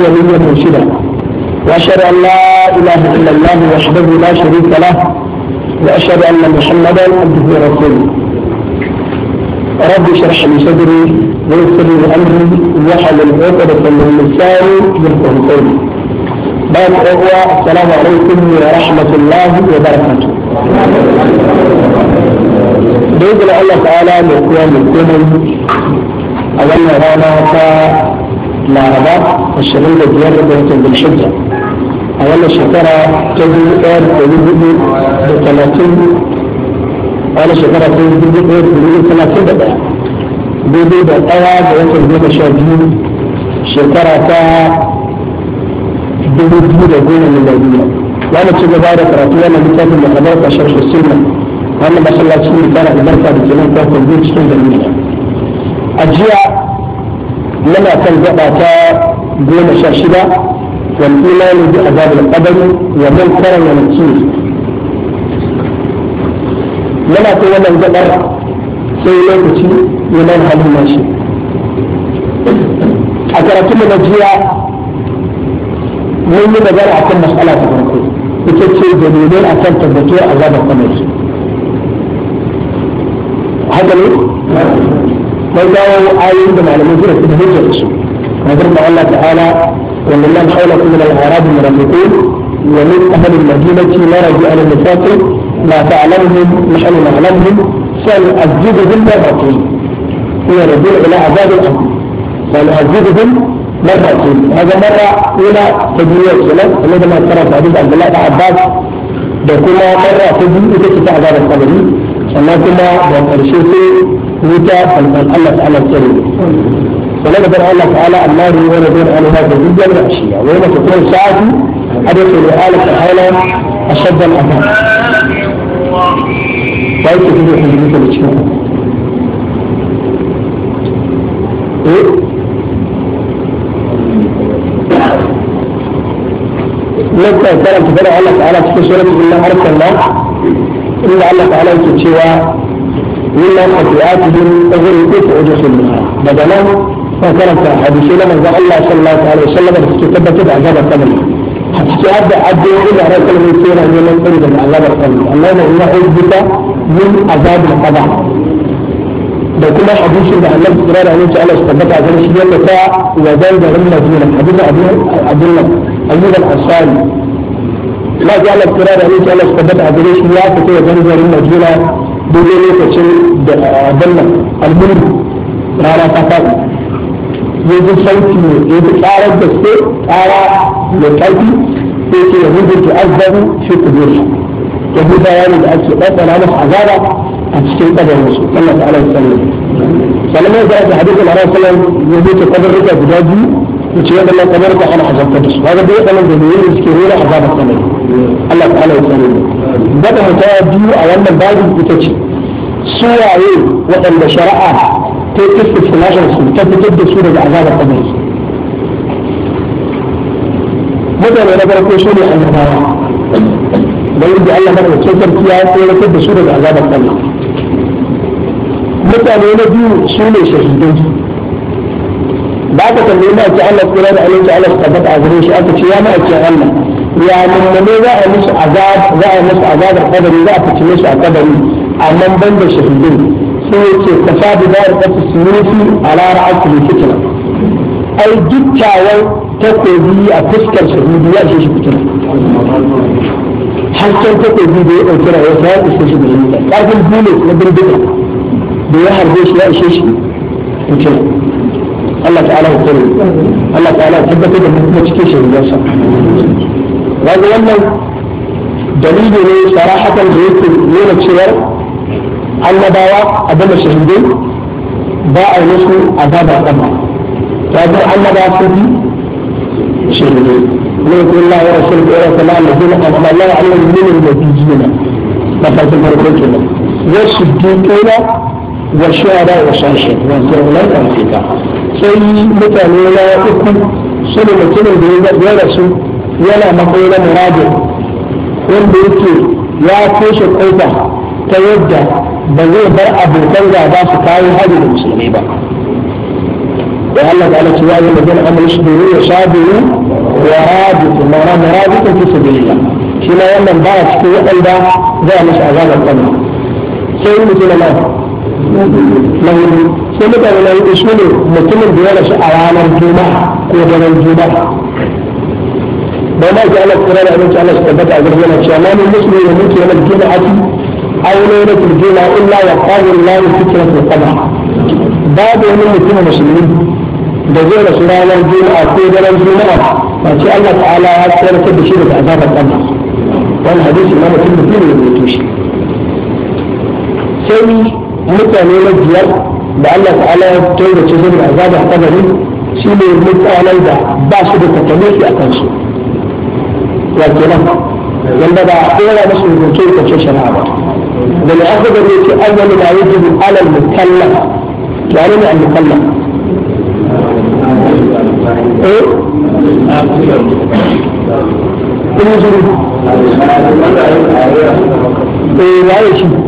وليا مرشدا وأشهد أن لا إله إلا الله وحده لا شريك له وأشهد أن محمدا عبده ورسوله رب اشرح لي صدري ويسر لي أمري ويحل العقدة من لساني يفقه قولي باب أخوة السلام عليكم ورحمة الله وبركاته بإذن الله تعالى نقوم الدنيا أولا رانا لا رباط الشريط الديار بيت بالحجة أولا شكرا تجد إير تجد بيت بثلاثين أولا شكرا تجد بيت إير تجد بيت بثلاثين بدأ بيت بيت بيت بيت شاجين شكرا تا بيت بيت بيت من الدنيا وأنا تجد بارة فراتية أنا بيت بيت بيت بيت بيت بيت بيت بيت بيت بيت بيت بيت بيت بيت بيت بيت بيت بيت بيت muna kan gaba ta goma sha shida wani imani bi azab al qabr wa man karam wa nakir muna kan wannan gaba sai lokaci ya nan halin nashi a karatun na jiya mun yi magana akan mas'ala ta farko ita ce dalilai akan tabbatuwar azabar kamar haka ne من داو آيين دم على مدينة بهجة رسول وضرب الله تعالى ولله حولكم من الأعراب المرمقون ومن أهل المدينة مرجوا على المساكن لا تعلمهم نحن نعلمهم سنعذبهم مرتين ويردون إلى عذاب الأمر سنعذبهم مرتين هذا مرة أولى تدوير السلام الذي ما ترى حديث عبد الله بن عباس da kuma marra ta biyu ita ce ta ولكن يقول الله تعالى الله هو الذي على هذا الدنيا الغشية وهو تقول ساعته حدث لآلة تعالى أشد الأمان فأنت تقول حين يقول الله تعالى نبقى الكلام تقول الله تعالى تقول سورة الله أرسل الله إن الله تعالى تقول إلا خطيئاتهم فغير تسع جسم بدلا فكرت حديث لما الله صلى الله عليه وسلم تثبت عذاب القبر حتى أبدأ عبده إلى رسل من سيرة من قريب من عذاب القبر اللهم إلا أثبت من عذاب القبر da kuma hadisin da Allah kira da Allah ta'ala tabbata a gare shi yadda ta wajen da ran Madina hadisin Abdullah Ayyub al-Ansari Allah ta'ala kira da Allah ta'ala tabbata a gare shi ya fito wajen da ran Madina daidai lokacin da dannan ah, almuni rana ta faɗi ya ji sauki ne ya ji ƙarar da su ƙara da ƙarfi sai ke da hujjar ke azzabu shi ku biyar kubur ya ji ta bayani da ake ɗaɗɗana masu azaba a cikin ƙabarin su Allah ta'ala ya sallama sannan ya ga a na rasulun ya ji ta ƙabarin guda biyu وشيء الله تبارك وتعالى حسبته هذا بيقى من دليل السكيرين عذاب السماء الله تعالى يسلم بدأ تابيو أولا بعد الكتاب سوى إيه وأن شرعها تكتب في العشر تكتب سورة عذاب السماء بدأ من أبرك سورة النبارة بل يدي الله مرة تكتب فيها آية تكتب سورة عذاب السماء متى لنا بيو سورة شهيدين Ba ka tambaye ma ce Allah kula da alaihi Allah tabbata a gare shi aka ce ya ma ce Allah ya mummune za a musu azab za a musu azab a kadari za a fice musu a kadari amma ban da shahidin sai yake fasadu da ya rubuta sunufi ala ra'atul fitna ai dukkan takobi a fuskar shahidi ya shi fitna hasken takobi da ya ɗauki rayuwa ta ya ishe shi da yanzu ƙarfin bullet na bindiga da ya harbe shi ya ishe shi fitna الله تعالى يقول الله تعالى تبقى كده مشكيش يا شيخ هذا يلا دليل لي صراحة الغيث يوم الشهر أن باوا أدم الشهدين باع نسو أدابا أدابا فأدر أن باوا سيدي شهدين لك الله ورسولك ورسول الله الذين قال الله على المؤمنين الذين فقلت مربوك الله والصديقين والشهداء والشهداء والشهداء والشهداء sai mutane na uku su ne mutumin da ya rasu yana matsayi na murabi wanda yake ya toshe kofa ta yadda ba zai bar abokan gaba su kawo hari da musulmi ba da Allah ta ce ya yi magana amal su domin ya sabiru wa rabitu ma'ana murabitun fi sabilillah shi ma wannan ba a cikin waɗanda za a musu azabar kanna sai mutum na na sai mutane na yi su ne mutumin da ya rasu a ranar juma'a ko daren juma'a ba ma ji Allah kira da abinci Allah su tabbata a gargana cewa na ne musulmi da muke yana juma'ati aure na turjuma illa ya wa qawlu lillahi fitratul qada babu wani mutum musulmi da zai rasu ranar juma'a ko daren juma'a ba ce Allah ta'ala ya tsarkar da shi daga azabar Allah wani hadisi na mutum mutum ne ya mutu shi sai mutane na biyar da Allah ta'ala ya taurace su da azaba kabari shi ne mutanen da ba su da takaliki a kansu wato nan wanda ba a ɗora musu rubuce rubuce shari'a ba da ya aka gari yake awwal ma yajibu ala al-mukallaf ya ne al-mukallaf eh kun zuru eh ya yi shi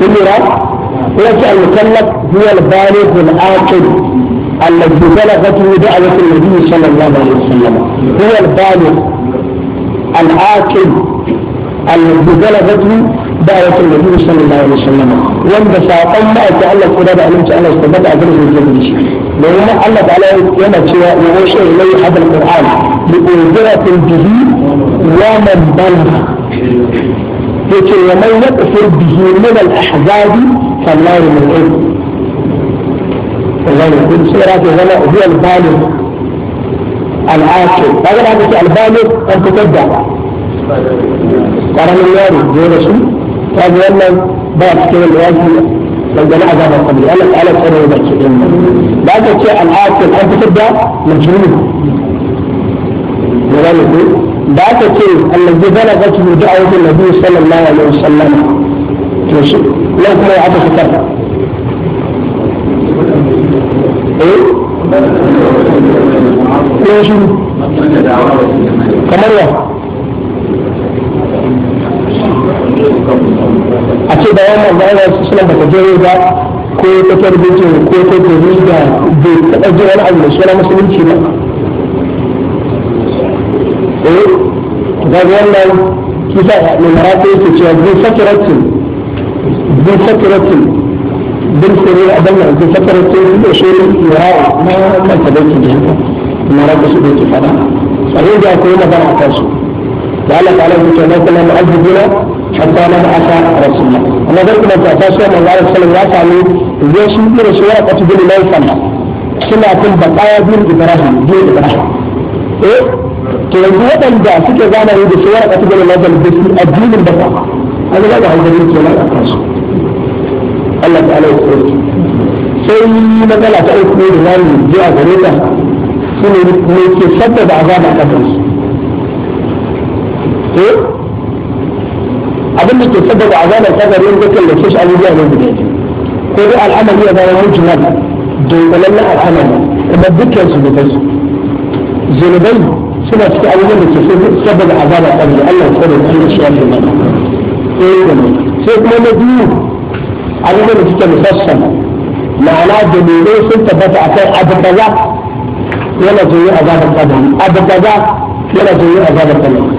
كل وجه المكلف هو البالغ العاقل الذي بلغته دعوة النبي صلى الله عليه وسلم هو البالغ العاقل الذي بلغته دعوة النبي صلى الله عليه وسلم وانت ساقم ما أتعلق قدر أن أنت استبدأ أدرس الجبل لأن الله تعالى سواء ويوشى إليه هذا القرآن لأنذرة به ومن بلغ يقول ومن يكفر به من الأحزاب فالله من العلم والله يقول سورة هنا هو البالغ العاقل هذا ما يقول البالغ أن تتبع قال من ياري يا رسول قال والله بعد كده الواجب لو جمع عذاب قبل قال تعالى سنة يبكرين بعد تتبع العاقل أن تتبع مجنون ولا يقول da aka ce allazi balagat bi da'wati nabi sallallahu alaihi wasallam to shi nan kuma aka fitar eh ko shi kamar ya a ce da wannan bayanan su suna daga jere ba ko ta tarbiyya ko ta tarbiyya da bai taɓa jira wani abu da suna musulunci ba eh daga wannan kisa mai marata yake cewa bin sakiratin bin sakiratin bin sirri a dan bin sakiratin da shi yawo na manta da ke haka marata su da ke fada sahih da akwai magana a kansu da Allah ta'ala ya ce na kuma mu'azzibuna hatta na asa rasulullah amma da kuma ta ta sai manzo Allah sallallahu alaihi wasallam shi da shi ya ka tubuli lai sallah suna kun baqaya bin ibrahim bin ibrahim eh? to yanzu waɗanda suke zamani da shawara a cikin lafiyar da su addinin da ba an ga da hankali ke nan a kansu Allah ta'ala ya tsare sai matsala ta uku ne da zamu je a gare ta shine ne ke sabbaba azaba a kansu to abin da ke sabbaba azaba ta gare ta kallon shi abubuwa ne guda ko dai al'amari ya zama wajen nan dogalallen al'amari kuma dukkan su da su zunubai suna cikin abubuwan da ke so saboda azaba ta da Allah ko da cikin shafi mana sai kuma na biyu abubuwan da suke musassan ma'ana da lele sun tabbata a kan abu kaza yana zoye azabar kabari abu kaza yana zoye azabar kabari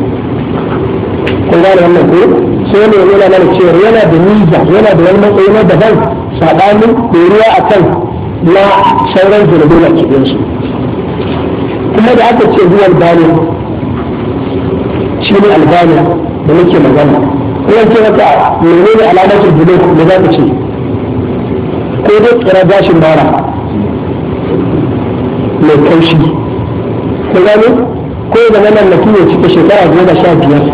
kun gane wannan ko sai ne yana mana cewa yana da niyya yana da wani matsayi na daban sabanin doriya akan na sauran zunubai a cikinsu kuma da aka ce zuwa albani shi ne albani da muke magana kuma ce maka menene alamatu bulo da za ka ce ko dai tsira gashin bara mai kaushi ko gano ko da wannan mutum ya cika shekara goma sha biyar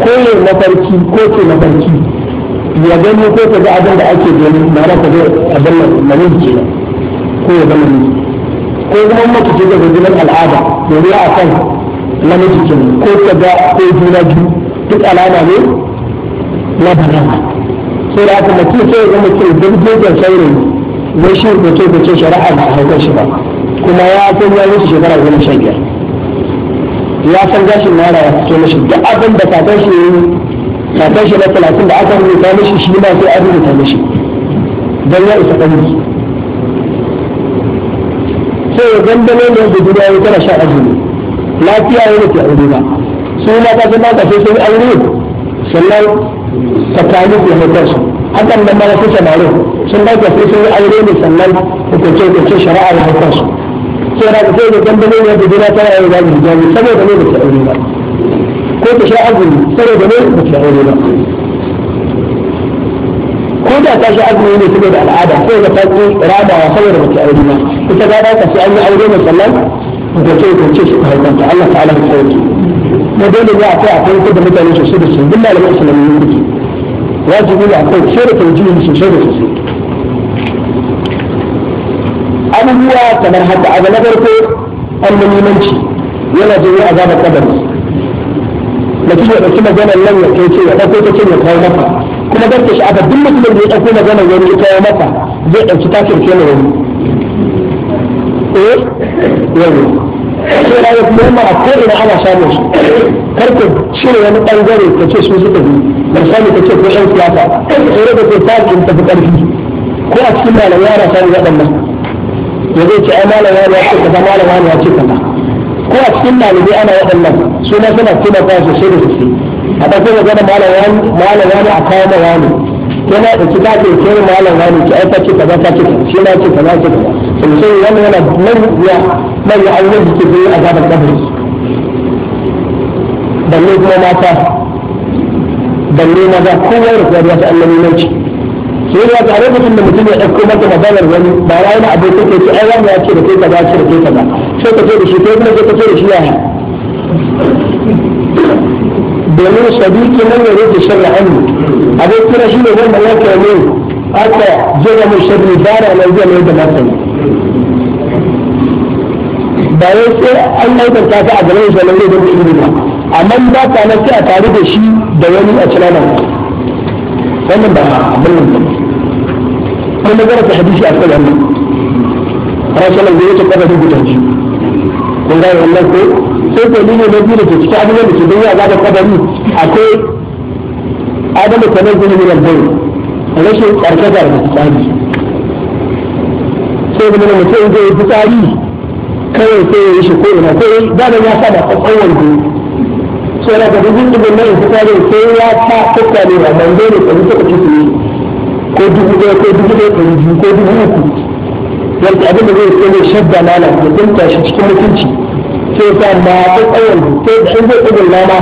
ko ya mafarki ko ke mafarki ya gani ko ka ga abin da ake gani ma'ana ka zai abin da ke ko ya zama ne ko kuma mace ce daga jinin al'ada domin a kan namiji ke ko kaga ko juna biyu duk alama ne na balaga sai da aka mace ce ya zama ke dangogin saurayi wai shi rubuce da ce shari'a ba a haukar shi ba kuma ya san ya wuce shekara goma sha biyar ya san gashin mara ya fito mishi duk abin da kakan shi kakan shi na talatin da aka rubuta mishi shi ma sai an rubuta mishi don ya isa ɗan dandano ne da duniya ya tana sha azumi lafiya ne ke aure ba su ma ka san ka sai sun aure sannan tsakanin gonakin su hakan da mara su samarin sun ba ka sai sun aure ne sannan hukunce hukunce shari'a ya hukun su sai da ka sai da dandano ne da duniya tana yin zagi saboda ne da ke aure ba ko ta sha azumi saboda ne da ke aure ba ko da ta shi azumi ne saboda al'ada ko da farko rabawa saboda mace aure ma ita ga ta sai an yi aure mai sallan da ke kunce shi ta hukunta Allah ta'ala ya sauke na dole ne akwai akwai kuɗa mutane sosai da sosai duk malamin islamiyyu kuke wajibi ne akwai sai da tawjihi sosai da sosai abubuwa kamar haka abu na farko annalimanci yana jin azabar kabari mutum ya ɗauki maganar nan ya kai ce ya ɗauko ta ce ya kawo maka kuma garke shi aka duk mutumin da ya ɗauko maganar wani ya kawo maka zai ɗauki takin ke na wani eh yau sai na yau kuma a ko'ina ana samun su karku cire wani ɓangare ka ce su suka bi misali ka ce ko ɗan siyasa sai da ko takin tafi ƙarfi ko a cikin malamai ana samun waɗannan ya zai ce ai malamai ya ce kaza malamai ya ce kaza ko a cikin ɗalibai ana waɗannan suna suna taimaka sosai da sosai a ɗauko magana malam wani a kawo ma wani yana da ki kaɗe kai malam wani ki aika ki kaza ka ki shi na ki kaza ki kaza sosai wannan yana manya manya abubuwan da ke biyu a gaban kabari balle kuma mata balle maza kowa da kowa ya ta annabi mai sai ya ga lokacin da mutum ya ɗauko maka maganar wani ba wai na abin take ce ai wani ya ce da kai kaza ce da kai kaza sai ka ce da shi kai kuma sai ka ce da shi yaya domin sadiki nan ya rage sharri annu abin kira shi ne wanda ya ke ne aka jira mai sharri ba na nan zai mai da martani ba wai sai an aikata ta a gaban shi nan zai da ilimi ba amma ba ta nan sai a tare da shi da wani a cikin nan wannan ba abin nan kuma na garanta hadisi a kan wannan rasulun da yake kafa guda biyu kun ga wannan ko sai ko ne na biyu da ke cikin abubuwan da ke duniya za ta da ni akwai adamu kamar gudu ne lambar rashin karkata da tsari sai da mana mutum zai yi tsari kawai sai ya yi shi ko ina ko da ya saba kwakwalwar gudu sai na ga duk dubin nan fitari sai ya ta kuka ne ba ban dole ka rufe yi ko dubu ɗaya ko dubu ɗaya ɗari biyu ko dubu uku yadda abin da zai ya shi cikin mutunci sai ta zai sai da dabara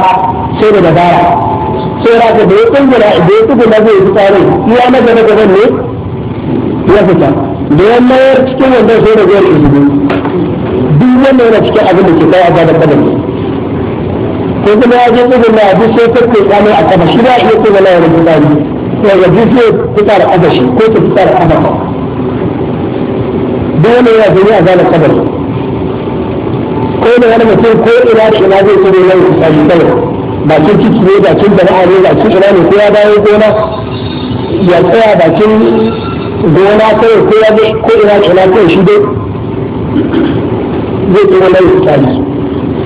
sai da ya da ya zai yi tsare iya na gaba gaban ne ya fita da ya mayar cikin wanda sai da zai duk wanda yana cikin abin da ke kai a kadan ko kuma ya je tsungula a duk sai ta kai tsamai a kama shi ba iya tsungula ya rubuta biyu ya gaji zai fita da abashi ko ta fita da ababa dole ya zai a gane kabari ko da wani mutum ko ina shi na zai tsoro yau ta yi kawai bakin ciki ne bakin jama'a ba, bakin ina ne ko ya dawo gona ya tsaya bakin gona kawai ko ya zai ko ina shi na kawai shi dai zai tsoro yau ta yi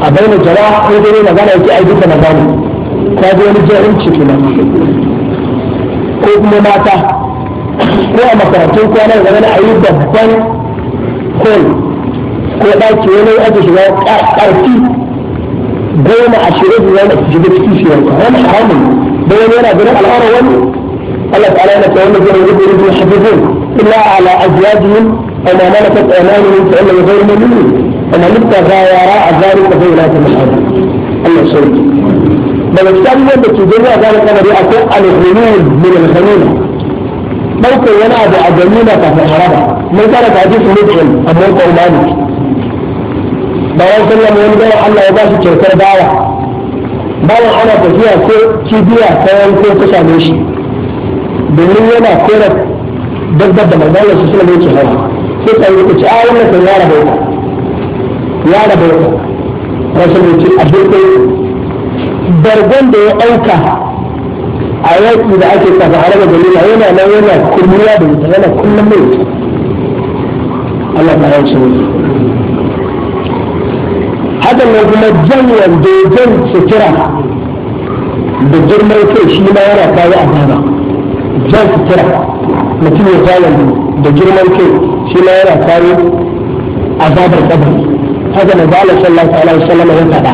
a bayan jama'a ko dai magana yake aiki da magana ta ji wani jahilci kenan ko kuma mata ko a makarantun kwana da zama a yi babban hol ko ɗaki wani ake shiga ƙarfi goma ashirin da wani shiga cikin shi yanka wani haramun don wani yana ganin al'aurar wani Allah ta'ala yana ta wani gurin gudu rubin hafizin illa ala azwajihim aw ma malakat aymanuhum fa innahu ghayru mu'minin fa man ibtagha wara'a dhalika fa ulaika min shirki daga cikin abubuwan da ke a gane kamar akwai alhumin min alhamina wani abu a ganima kafin haraba mun kara ta hadisi mutum amma ko umani bayan sallama wani bayan Allah ya ba shi kyautar bawa bayan ana tafiya ko kibiya ta yanko ta same shi domin yana kora dabbar da manzana suna a yara yara wasallam ce a dukkan bargon da ya auka a yaƙi da ake kafa a raba dalila yana nan yana kulliya da wuta yana kullum mai wuta Allah ta yanci wuta hakan nan kuma da wanda jan sutura da girman kai shi ma yana kawo azaba jan sutura mutum ya kawo da girman kai shi ma yana kawo azabar kabari haka na zala sallallahu alaihi wasallam ya faɗa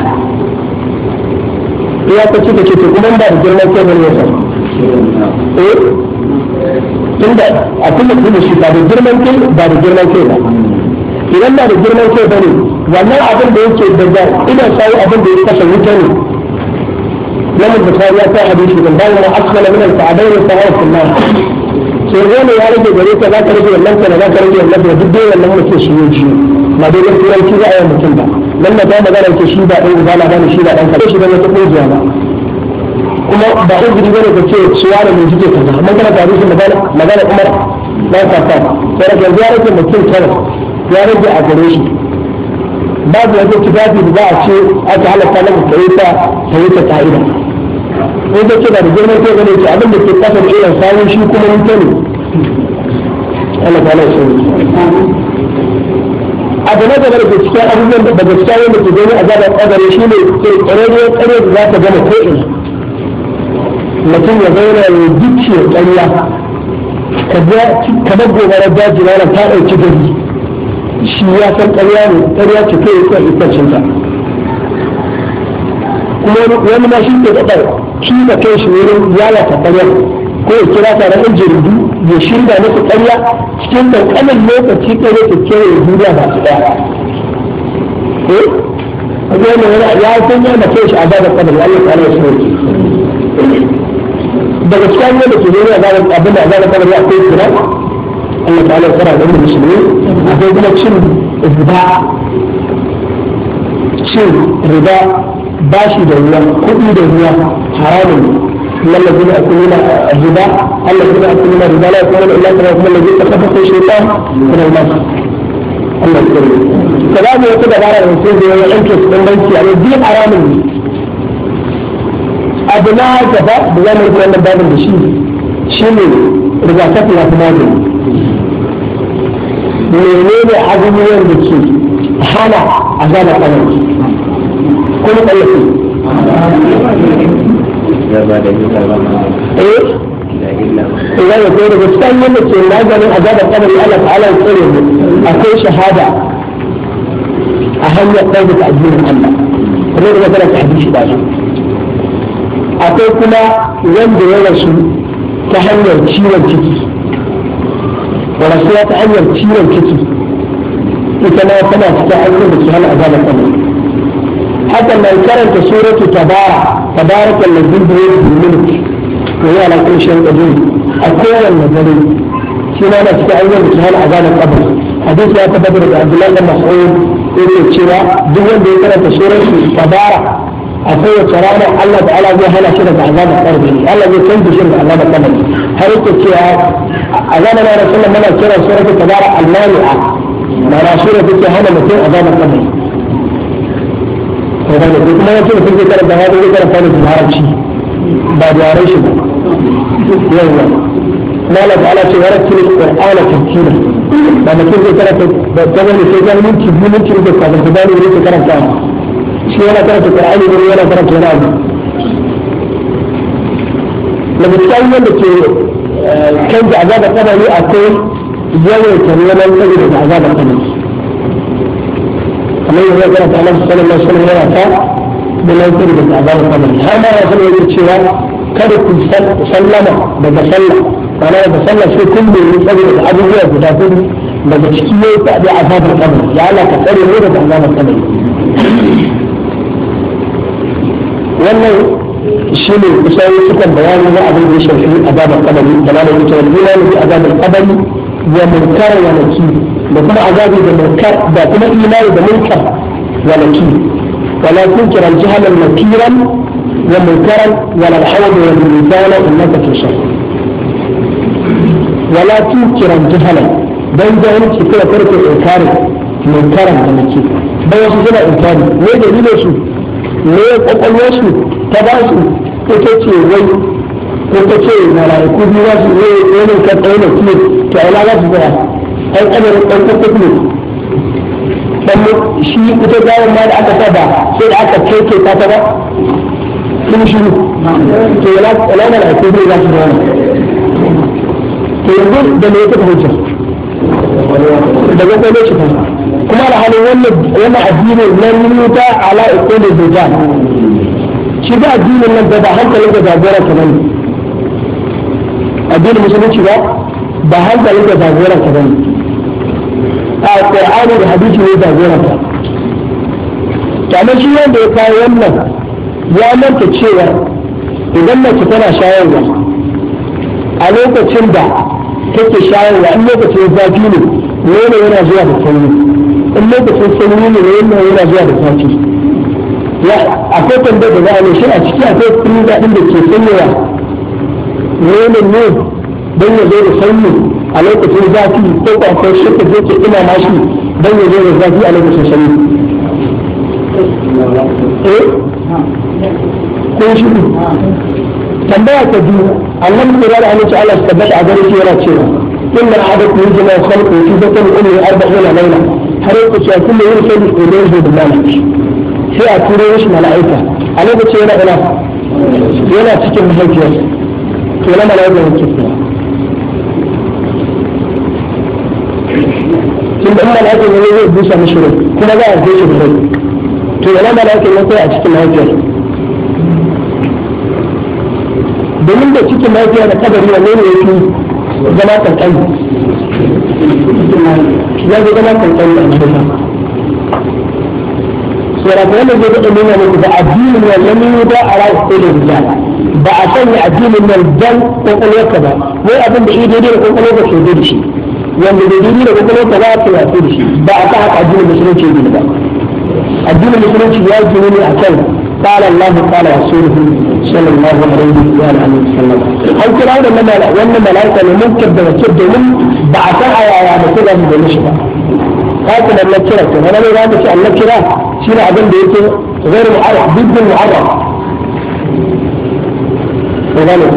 ya ta cika ce kuma ba da girman kai ne yasa eh da a kullum kuma shi ba da girman kai ba da girman kai ba idan ba da girman kai ba ne wannan abin da yake daga idan sai abin da ya kasa wuta ne da ta ta ta البخاري أتى حديث من بين ما أكمل من الكعبين الصغار ka النار سيقول ta رجل بريك لا ترجع لك لا ترجع لك ضدي ولا هم في الشيوخ ba dai dan turanci za a yi mutum ba dan da ta magana ce shi ba ɗan ubala ba ne shi ba ɗan ka shi ba ne ta kungiya ba kuma ba ko gidi bane ka ce suwa da mun jike kaza amma kana tare shi magana magana kuma ba ka ta sai da ya rage mutum kare ya rage a gare shi ba babu wata kitabi da za a ce aka halatta maka kai ta kai ta ta'ida ko da ce da girman kai ne ce abin da ke kasance irin sawun shi kuma mun tani Allah ta lafiya abu na gaba da ke cikin abubuwan da daga cikin wanda ke gani a zaɓar ƙadari shi ne ke ƙararriyar ƙare da za ta gama ko'ina mutum ya zauna ya gice ƙarya kamar gobarar daji na ta ɗauki gari shi ya san ƙarya ne ƙarya ce kai ya tsaye kuma wani ma shi ke ɗaɗar shi da kai shi wurin yaya ta ko ya kira taron jirgin jaridu ya shirya musu karya cikin kankanin lokaci ko da kewaye duniya ba su da ko a zai ne ya san ya mace shi a zaga kamar ya yi kwanar su daga cikin da ke nuna zaga abin da zaga kamar ya kai kira Allah ta'ala ya fara da musulmi ga kuma cin riba cin riba bashi da ruwa kuɗi da ruwa haramun إن الذين يأكلون الربا الذين يأكلون الربا لا يكونون إلا كما يكون الذين تخبطوا الشيطان من المس الله يكرمك كلامه كده بقى الرسول ده ينكس من بنتي يعني الدين حرام abu na gaba da za mu rubuta wannan babin da shi shi ne rigakafi na magani menene abubuwan da ke hana azabar kamar kuma ɗaya eh ina ya koyar da cikin yadda ke maganin azabar kabari ala ta'ala ya tsare mu akwai shahada a hanyar da addinin Allah kuma da magana ta hadisi ba akwai kuma wanda ya rasu ta hanyar ciwon ciki rasuwa ta hanyar ciwon ciki ita ma tana azabar karanta تبارك الذي بيده الملك وهو على كل شيء قدير أقوى النظري شنو أنا ya بسهل عذاب القبر حديث يا تبدر عبد الله بن مسعود يقول شنو دون بيتنا تشيرك تبارك akwai wata rana Allah ta'ala zai hana shi daga azabar kabari Allah zai canza shi daga azabar kabari har yake cewa a zamanin a muna kira suratul tabara al-mari'a mana sura take hana mutum azabar kabari ko gane ko kuma yake mutum karanta ya zai karanta ne da haramci ba da yaran shi ba yawa mala ta ala ce ya rasu ne qur'ana tartila ba mutum zai karanta da gaban da sai ganin ki mulki da ka da bani ne karanta shi yana karanta qur'ani ne yana karanta wani abu da misali wanda ke canza eh, azaba kabari akwai yawan karuwa nan saboda azabar kabari kamar yadda ya karanta Allah sallallahu alaihi wasallam yana ta da laifin da tsabar kamar har ma ya sanar da cewa kada ku sallama daga sallah mana daga sallah sai kun da yi saboda abubuwa guda hudu daga ciki ne ta da azabar kamar ya Allah ka tsare mu daga azabar kamar wannan shi ne kusan sukan bayani na abin da ya shafi azabar kamar da malamin ta wani ne azabar kamar ya munkara ya nakiri da kuma azabi da munkar da kuma imani da munkar wa naki wala tunkira jahannan nakiran wa munkaran wala al-hawd wa al-mizan innaka tusah wala tunkira jahannan dan jahanci kira farko inkari munkaran da naki dan wasu suna inkari me dalilin su ne kokolwar su ta ba su ita ce wai ko ta ce malaiku biyu za su yi wani kan ɗaya da ke ta ila za su tsaya kai kamarin ɗan kukkuk sannan shi ita gawar ma da aka saba sai da aka keke ta ta ba kuma shi to yana yana da ko zai zasu rana to yanzu da me yake hujja da ga shi kuma da halin wannan wannan addinin nan yuta ala ikon da shi ba addinin nan da ba hankalin da jagora ka bane addinin musulunci ba ba hankalin da jagora ka bane a Qur'ani da hadisi ne jagoran ta kamar shi wanda ya kawo wannan ya manta cewa idan mace tana shayarwa a lokacin da take shayarwa in lokacin zafi ne nono yana zuwa da sanyi in lokacin sanyi ne nono yana zuwa da zafi akwai tambayar da za a ne shi a ciki akwai kuma daɗin da ke sanyawa nonon ne don ya zo da sanyi a lokacin zafi ko ko akwai shakka zai ke ina mashi don ya zo da zafi a lokacin sanyi eh? ko shi tambaya ta biyu Allah mu da Allah ta Allah tabbata a gare shi yana cewa inna ahadakum yujma khalqu da batni ummi 40 layla har yake cewa kullu yawmin sai ko da zai da sai a turo shi mala'ika a lokacin yana ina yana cikin mahaifiyar to na mala'ika yake cewa tun da mala'ika ne zai busa mishi rai kuma za a bushe da rai to yana mala'ika ne kai a cikin lafiya domin da cikin lafiya da kabari wanne ne yake zama kankani ya zai zama kankani da mutum sura ko ne zai nuna muku da addinin wannan ne ba a rayu ko da rijal ba a sanya addinin nan dan ka ba wai abin da idai da kokolwarka ke da shi wanda bai dini da kwakwalwar ta za ta yaso da shi ba a ta haka addinin musulunci ne ba addinin musulunci ya gini ne a kan قال الله قال رسوله صلى الله عليه وآله وسلم أو كلا أن وأن ملائكة ممكن بمكتب من بعثها يا يا مكتب من المشبع هذا من النكرة وأنا لا أعرف أن النكرة شيل عدم بيته غير معرف ضد المعرف وذلك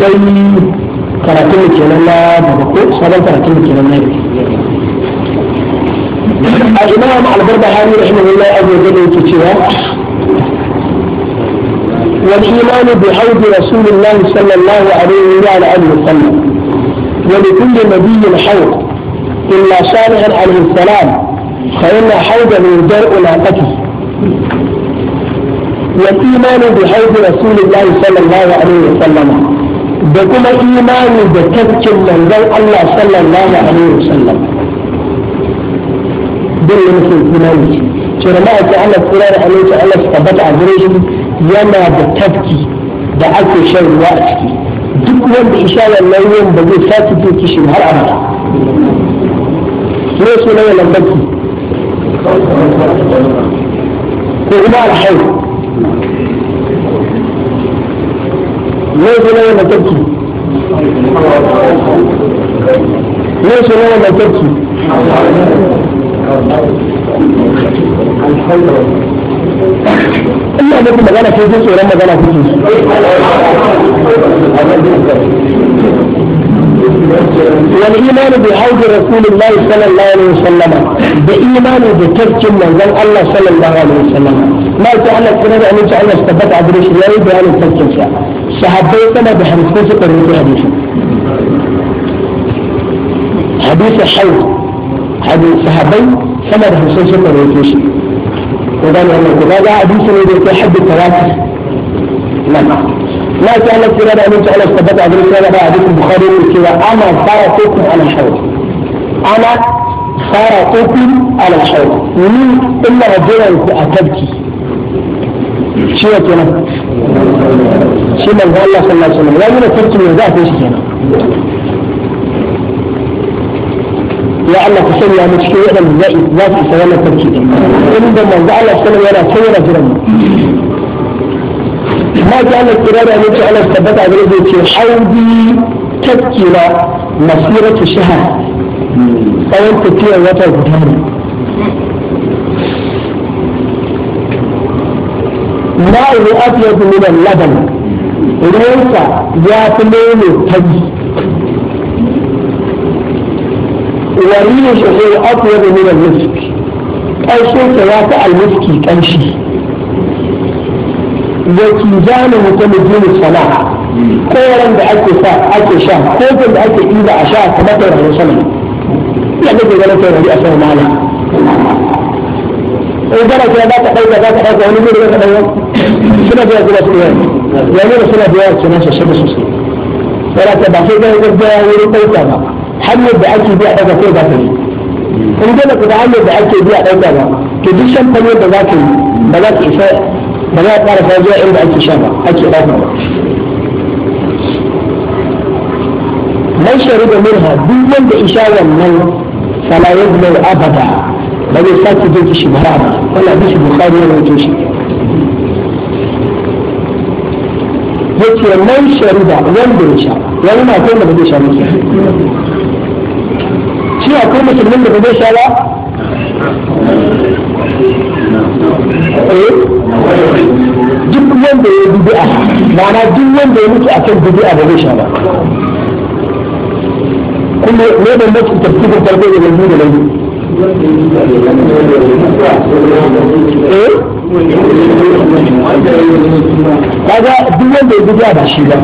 sai karatun mu kenan na babako sabon karatun mu kenan na الإمام البربهاري رحمه الله والإيمان بحوض رسول الله صلى الله عليه وعلى آله وسلم ولكل نبي حوض إلا صالحا عليه السلام فإن حوضه درء ناقته والإيمان بحوض رسول الله صلى الله عليه وسلم da kuma imani da tafkin manzon Allah sallallahu alaihi wasallam dole ne su imani ce jama'a ta Allah kura da alaihi Allah su tabbata a gare shi yana da tafki da ake shan ruwa a ciki duk wanda isha wannan yin ba zai sake ke kishin har abada ne sunan wannan tafki ko kuma alhaif ما تبكي ليش matarki ما تبكي wa matarki ina muku magana ko jin tsoron magana يعني والإيمان بعود رسول الله صلى الله عليه وسلم بإيمان بترك من الله صلى الله عليه وسلم ما تعالى كنا أن تعالى استبدع بريش لا يبي أن ترك صحابي كان بحديث كيف قريت حديثه حديث الحوض حديث صحابي كان بحديث كيف قريت حديثه وقال الله هذا حديث الذي يتحد التواتر لا لا تعالى كلا لا من تعالى استبدع ذلك لا بقى حديث البخاري كلا أنا فارقكم على الحوض أنا فارقكم على الحوض من إلا رجل أتبكي شيئا كلا shi ba Allah sallallahu alaihi wasallam ya ne za a akwai shi kenan ya Allah ku sanya mu cikin waɗanda za za su isa wannan kirki din inda manzo Allah sallallahu yana kai yana jiran ma ji Allah kirara ne ce Allah tabbata gare zai ce haudi tafkira masiratu shahar tsawon tafiyar wata guda ne ماء أبيض من اللبن ruwansa ya fi nono fari wari ne shahiyar afuwa da nuna miski ƙarshensa ya fi almiski ƙanshi da kijanin mutumin jini sana'a koren da ake sa ake sha kofin da ake ɗiba a sha kamar taurarin sama ya nake ganin taurari a sama mala in gana ta za ka ɗauka za ka ɗauka wani gudu za ka ɗauka suna da yanzu da su yanzu yanzu da suna da yawa kenan sosai da sosai yana ta ba sai zai gaggawa wurin ɗauka ba hanyar da ake biya ɗaga kai za ta yi in dai ba da hanyar da ake biya ɗauka ba to duk shan fanyar da za ka yi ba za ka isa ba za ka ƙara zuwa inda ake sha ba ake ɗauka ba man shariba minha duk wanda isha wannan fala yadda abada ba zai sake jin kishi ba wannan hadisi bukhari ya rawaito shi yake nan sharida wanda ya sha wani na kai da ba zai sha miki shi akwai musulmin da ba zai sha ba eh? duk wanda ya bid'a ma'ana duk wanda ya mutu akan bid'a ba a sha ba kuma ne da mutu tafsirin farko da yanzu da yanzu eh kaga duk wanda ya gudiya ba shi ba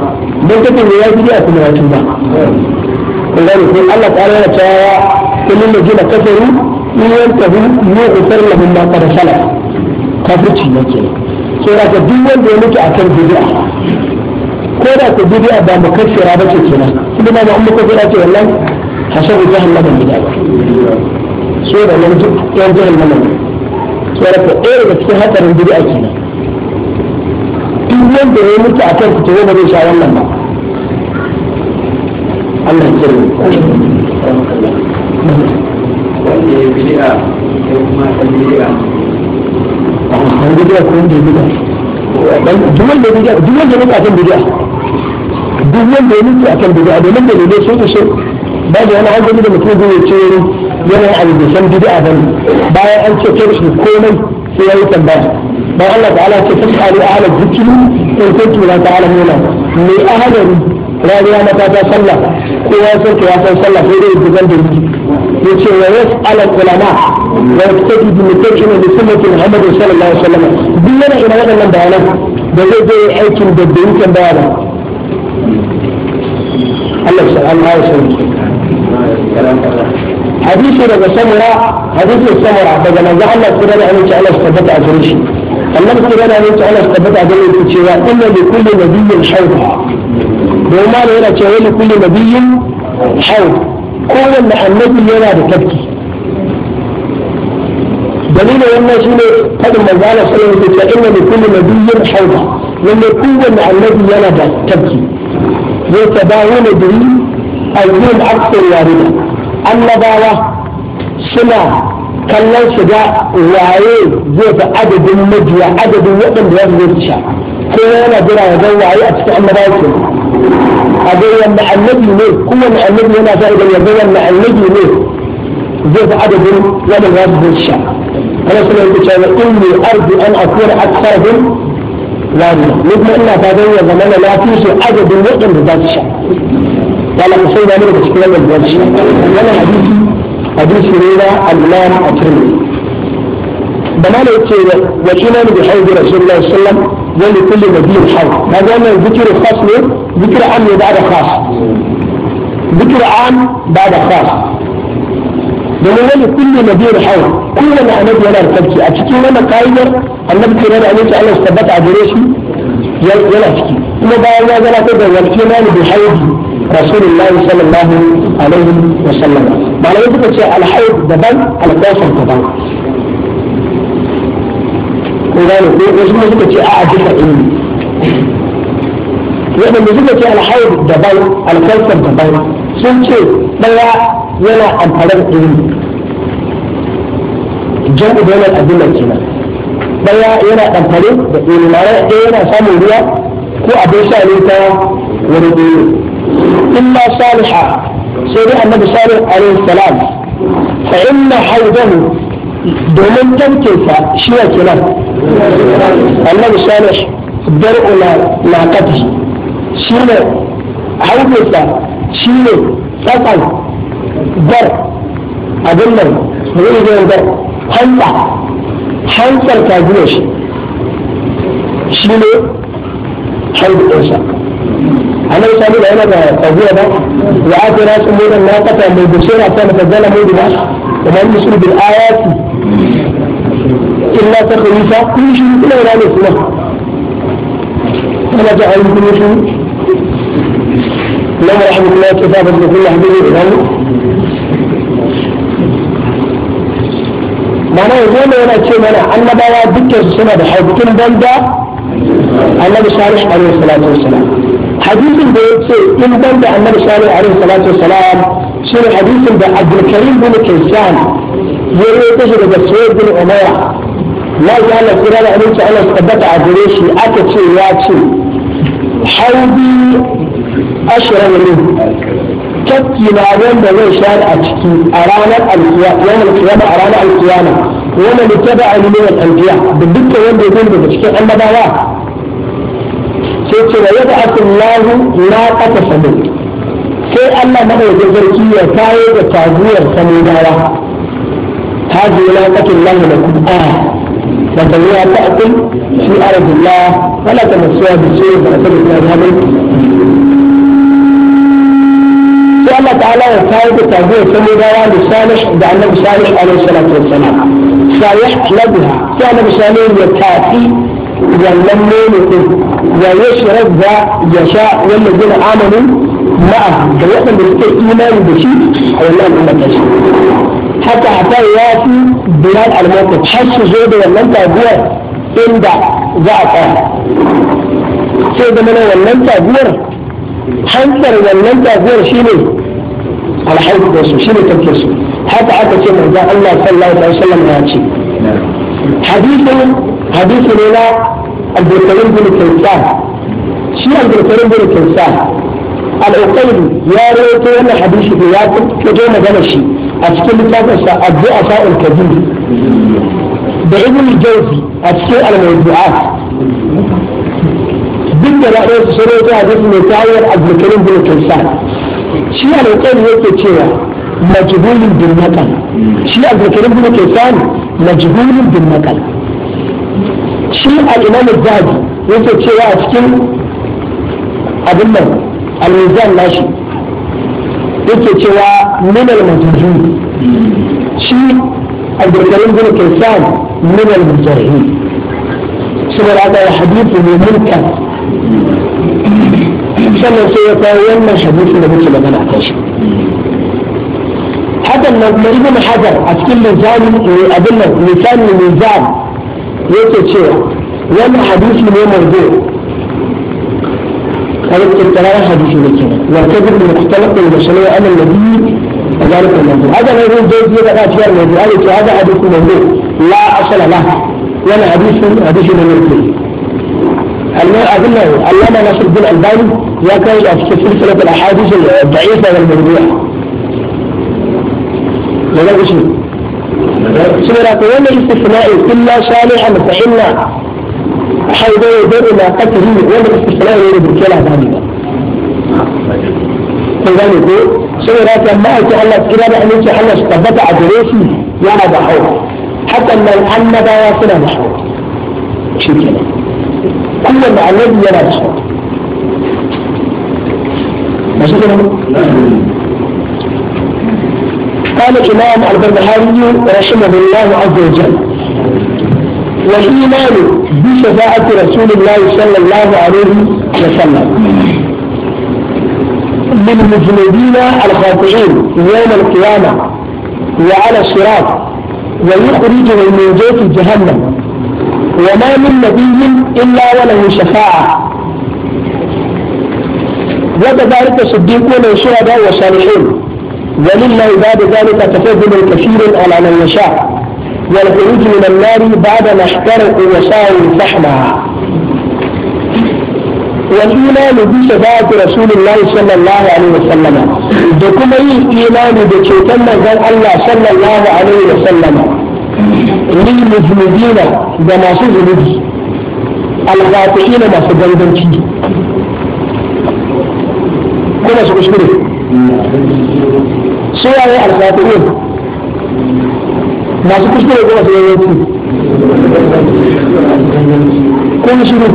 don kake ne ya gudiya kuma ya ba. kun gane ko Allah ta yana cewa kullum da jina kafaru in yantahu yu'tar lahum ma qad salaf kafirci yake so da ka duk wanda ya mutu akan gudiya ko da ka gudiya ba mu kafira ba ce kenan kuma ba mu kafira ce wallahi hasabu jahannama ne ba. so da yanzu yanzu jahannama ne sarrafa ɗaya daga cikin hatsarin bid'a kenan duk wanda ya mutu a kan fitowa ba zai sha wannan ba Allah ya kira ya ya a ya duk wanda ya ya mutu a kan bid'a duk wanda ya mutu a kan bid'a domin da ne so da so ba da wani hanzari da mutum zai ce yanayin abu bai san bid'a ba ne bayan an ce kai shi komai sai ya yi tambaya dan Allah ta'ala ce fasali ahla zikri in kuntum la ta'lamuna me ahadari rariya mata ta sallah ko ya san ya san sallah sai dai gudan da yi yace wa yas'al ulama wa yaktabi bi mutakin bi sunnati Muhammad sallallahu alaihi wasallam duk yana ina wadannan bayanan da zai je aikin da bai tambaya ba Allah sallallahu alaihi wasallam حديث ابو سمرة حديث ابو سمرة فقال ان الله سبحانه وتعالى ان شاء الله استبدع جريشي الله سبحانه وتعالى استبدع جريشي ان لكل نبي حوض وما لا يرى لكل نبي حوض كل محمد يرى بكبكي دليل ان شنو قد ما قال صلى الله عليه وسلم ان لكل نبي حوض لما كل محمد يرى بكبكي وتباون به أيام أكثر واردة annabawa suna kallon su ga waye zai fi adadin majiya adadin waɗanda ya zai sha ko yana jira ya ga waye a cikin annabawa ke a ga wanda annabi ne kowane annabi yana sa idan ya ga wanda annabi ne zai fi adadin waɗanda ya zai sha ana suna yake cewa inni arzu an akuna aksarhum wani ni kuma ina fatan ya zama na lafi su adadin waɗanda za su sha قال قصير ذلك تشكيل الجلسة ولا حديث حديث رواه الإمام الترمذي بما لا يكتب وكلام بحوض رسول الله صلى الله عليه وسلم ولكل نبي حوض ما دام الذكر الخاص له ذكر عام بعد خاص ذكر عام بعد خاص لأنه ولي كل نبي حول كل ما نبي أنا أرتبتي أتكي وما قايدة أنا صلى الله عليه وسلم استبت عبريشي يلا أتكي إنه بعد ذلك أتكي وكلام بحوضي rasulullahi sallallahu alaihi wa sallam malamai suka ce alhaid daban alqasar daban ko gane ko wasu ma suka ce a'a duka ilmi waɗanda suka ce alhaid daban alqasar daban sun ce ɗaya yana amfanar ilmi yana amfani da yana samun ruwa ko abin sha ne ta wani إلا صالحا سيدي النبي صالح عليه السلام فإن حوضه domin tantance shi ya kira annabi salih dar'u na naqati shine haifesa shine tsakan dar abin nan zai zai dar hanta hantar ta gina shi النبي صلى الله عليه وسلم التوبيخ ده وآتي ناس أمور الناقة من بشير حتى نتزل مود ده ومن يشرب بالآيات إلا تخويفا كل شيء كله ولا نسمع أنا جعل كل شيء لما رحمة الله كتابة لكل حبيب إلهي mana yanzu ne yana ce mana annabawa dukkan su suna da haƙƙin banda annabi salih alaihi salatu wasalam hadisin da yake in ban da annabi sallallahu alaihi salatu wasalam shi ne hadisin da abdulkarim bin kaysan ya rawaito shi daga sayyid bin umayya la ya kira da abinci Allah tabbata a gare shi aka ce ya ce haudi ashirin min tafki na wanda zai sha a ciki a ranar alkiyama a ranar alkiyama wanda da alkiya da dukkan wanda ya zai daga cikin annabawa yace wa yab'athu Allahu na qata sabu sai Allah madaukakin zarki ya kawo da taguwar samudawa hadi la a Allahu lakum ah wa tawiya ta'kul fi ardillah wala tamassuha bi shay'in min al-adab sai Allah ta'ala ya kawo da taguwar samudawa da salih da annabi salih alaihi salatu wassalam sayyahladuha sai annabi salih ya tafi wannan ne ne ويشرب ذا يشاء والذين آمنوا معه كيقن بالكي إيمان بشيء والله الأمة تشاء حتى حتى يأتي بلاد الموقف حس زود ولن تأبوه عند ضعفه سيد من ولن تأبوه حنصر ولن تأبوه شيني على حيث الرسول شيني تنفسه حتى حتى سيد الله صلى الله عليه وسلم يأتي نعم. حديث حديث لنا abdulkarim bin kyautan shi abdulkarim bin kyautan al'ukairi ya rawaito wannan hadisi da ya fito magana shi a cikin littafin littafinsa addu'a sa'ul kabir da ibn jawzi a cikin al-mawdu'at duk da na ɗaya su sai ta hadisi mai tayar abdulkarim bin kyautan shi al'ukairi yake cewa majhulun bin nakal shi abdulkarim bin kyautan majhulun bin nakal shi al'imam zahabi yake cewa a cikin abin nan al-mizan nashi yake cewa min al-majnun shi abdulkarim bin kaisan min al-mujahid saboda haka ya hadithu ne mulka sannan sai ya kawo wannan hadithu da muke magana kan shi hadan nan kuma ibn hajar a cikin mizan abin nan misalin mizan yake cewa wannan hadisi ne marzo قالت التلاوة حديث لكنا والكذب المختلط المشروع على النبي ذلك الموضوع هذا ما يقول جيد يبقى أشياء الموضوع قالت هذا حديث موضوع لا أصل له ولا حديث حديث من الموضوع أظن علامة ناصر بن الألباني يا كان في سلسلة الأحاديث الضعيفة والموضوع ولا شيء سورة ومن استثناء إلا صالحا فإن حيث يدر ما قتله ومن استثناء يريد كلا ذلك فذلك سورة ما أتى إلا بأن أن أنت الله استبدع بريسي يا بحور حتى لو أن بواسنا بحور شو كل ما الذي يرى بحور ماشي كده قال الإمام البرهاني رحمه الله عز وجل والإيمان بشفاعة رسول الله صلى الله عليه وسلم من للمذنبين الخاطئين يوم القيامة وعلى الصراط ويخرجهم من جيش جهنم وما من نبي إلا وله شفاعة وكذلك الصديقون والشهداء والصالحين ولله بعد ذلك تفضل كثير على من يشاء والخروج من النار بعد ما احترقوا وصاروا فحما والإيمان بشفاعة رسول الله صلى الله عليه وسلم دكما الإيمان بشيطان مزال الله صلى الله عليه وسلم للمذنبين بما سجنبي الغاطئين ما سجنبي كما سكشكري su yaye alzabirin masu kuskure kuma su yaye su kun shiru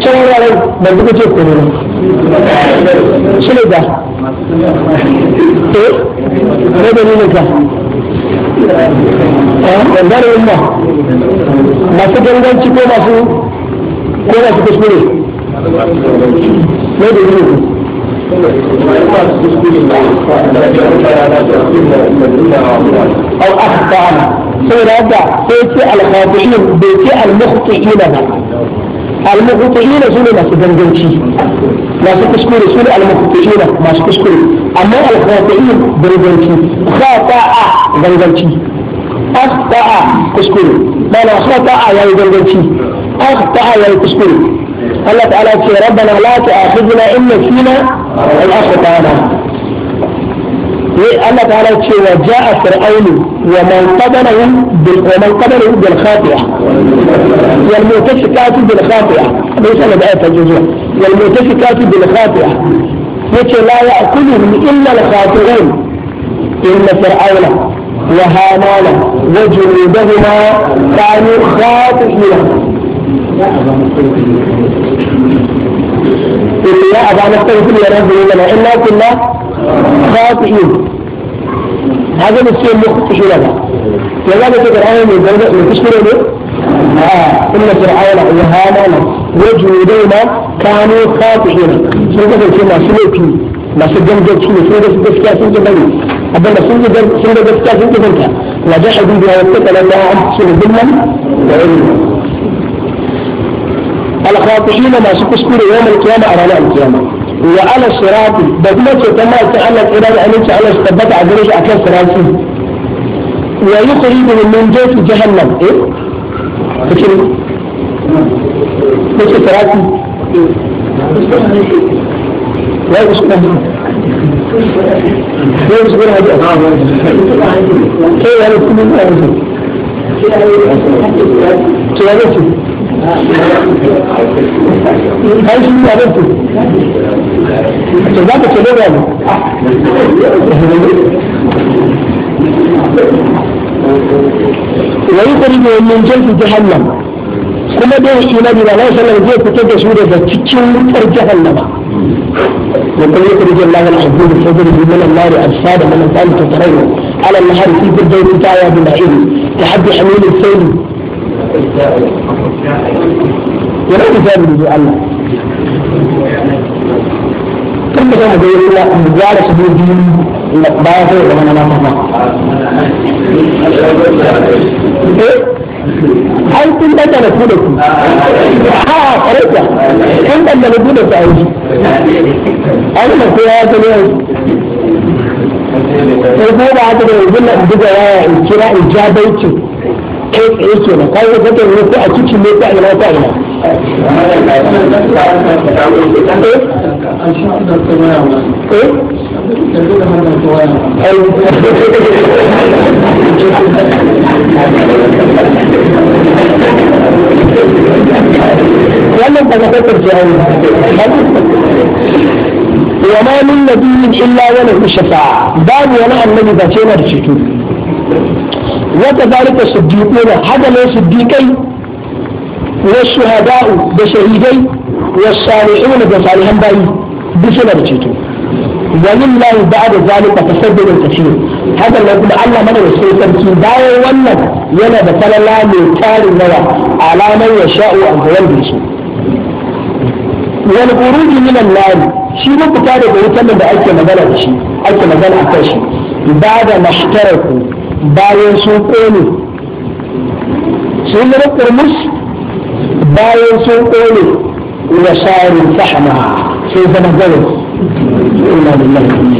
can wuraren ban duka ce kone ba shi ne da eh ne da nuna ka eh? gandar yamma masu ganganci ko masu ko masu kuskure ne da nuna أو أخطأنا سيراجع سيتي الخاطئين بيتي المخطئين المخطئين سنة ما سدنجنشي ما سكسكري سنة المخطئين ما سكسكري أما الخاطئين برجنشي خطأ برجنشي أخطأ كسكري ما لا خطأ يا برجنشي أخطأ يا كسكري الله تعالى ربنا لا تأخذنا إن فينا إيه، الله تعالى الله وجاء فرعون ومن قبلهم ومن قبله بالخاطئة والمؤتفكات بالخاطئة ليس أنا بآية الجزء والمؤتفكات بالخاطئة يقول لا يأكلهم إلا الخاطئون إن فرعون وهامان وجنودهما كانوا خاطئين قلت يا أبانا استغفر يا رب لنا إنا كنا خاطئين هذا نفسه المخطئين لنا كذلك فرعون من درجة من تشكره له إن فرعون وهامان وجنودينا كانوا خاطئين سنة الكلمة سلوكي ما سجن جد سنة سنة سنة سنة سنة أبدا سنة سنة سنة سنة سنة وجحدوا بها واتقوا لله عن سنة ظلما وعلما الخاطئين ما سكسكر يوم القيامة أرانا القيامة وعلى الصراط بكما كما تعلق إلى أن على استبدع عزيز أكل صراطي ويخرجهم من جيش جهنم إيه؟ بكم بكم صراطي لا يسكن لا يسكن هذا كيف يكون هذا كيف يكون هاي شو عرفته شباب الشباب يعني ويخرج من جلد جهنم kuma dai shi na bila Allah sallallahu alaihi zai fitar da su daga cikin wutar jahannama wa qad yukhrij Allah al-azim fadri min an-nar al-sada min al-qalbi tatarayyu ala al-nahari fi bidawi ta'ya bil-ilm tahaddi hamil al-sayl yana da jabi da Allah kan da kana da yalla in da da shi biyu na baya sai da wannan nan ba ai kun da da ku da ku ha ƙarfa kun da da ku da ku ai ai da ku ya ta ne sai ko ba ta da yanzu na buga waya in kira in jabaici kai tsaye ke nan kai da kake ne ko a cikin ne ko a ina ko a ina wannan ba ka tsarki a wani wa ma min nabiyyin illa wa lahu shafa'a babu wani annabi ba ce yana da ceto wata zarika su diƙo da hagalin su da shahidai wa shari'u da salihan bayi duk yana da ceto wannan lahu ba da zalika ta sabbi da kafiri hadal kuma Allah mana da sai sarki bayan wannan yana da falala mai tarin nawa alaman ya sha'u an ga wanda yake wal khuruj min shi ne fita daga wutar da ake magana da ake magana a kai shi ba da mashtaraku bayan sun ƙone sun zama ƙurmus bayan sun ƙone wa sharin sahama sai zama gawar ina da sannan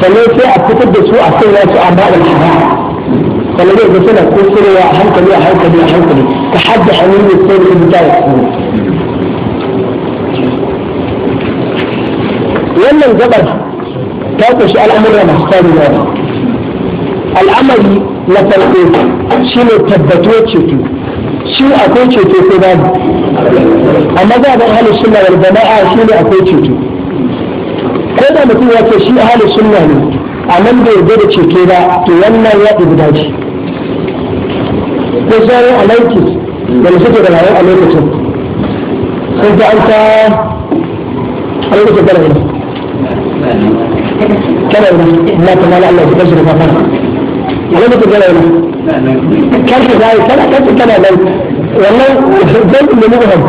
sai a fitar da su a kan wasu a ba'in haram sannan zai zai suna kusurwa a hankali a hankali a hankali ka hadda hannun da sai da ta yi wannan gabar ta kunshi al'amuran masu tsari da al'amari na farko shi ne tabbato ceto shi akwai ceto ko babu amma za a ban halin suna wal jama'a shi ne akwai ceto ko da mutum ya ce shi halin suna ne a nan da yarda da ceto ba to wannan ya ɗi guda ce ko sauran alaikis da na suke da rayuwa a lokacin sun ta an ta an lokacin kana yana kana yana na kamar Allah ya kashe da kafa wani mutum yana nan kanka zai kana kanka kana nan wannan zai ne mu ham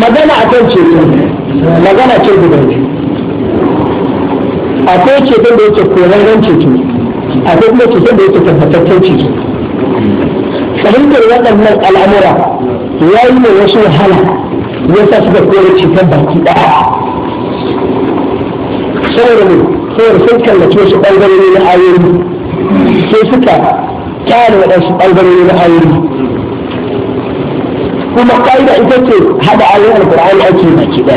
magana a kan ceto magana ce guda akwai ceton da yake koran ceto akwai kuma ceton da yake tabbataccen ceto fahimtar waɗannan al'amura ya yi mai wasu wahala ya sa suka kore ceton baki ɗaya خير من خير سلك اللي كيش قلبه من الحيين كيش كان كان وقش قلبه من الحيين وما قايدة إذاكي هذا عليه القرآن أكي ما كده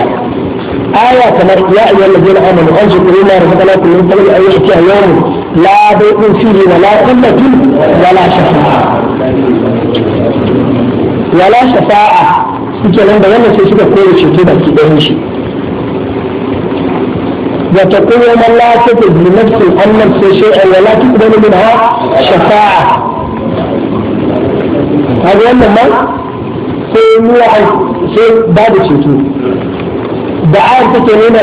آية كما يا أيها الذين آمنوا أنجب إلينا رفضناكم من قبل أن يأتيه يوم لا بيء فيه ولا قلة ولا شفاعة ولا شفاعة إذا لم يكن هناك شيء يقول شيء يقول شيء وتقول يوم لا تجد لنفس عن نفس شيئا ولا تقبل منها شفاعة هذا يوم ما سيموع في بعد شتو دعاء تتنين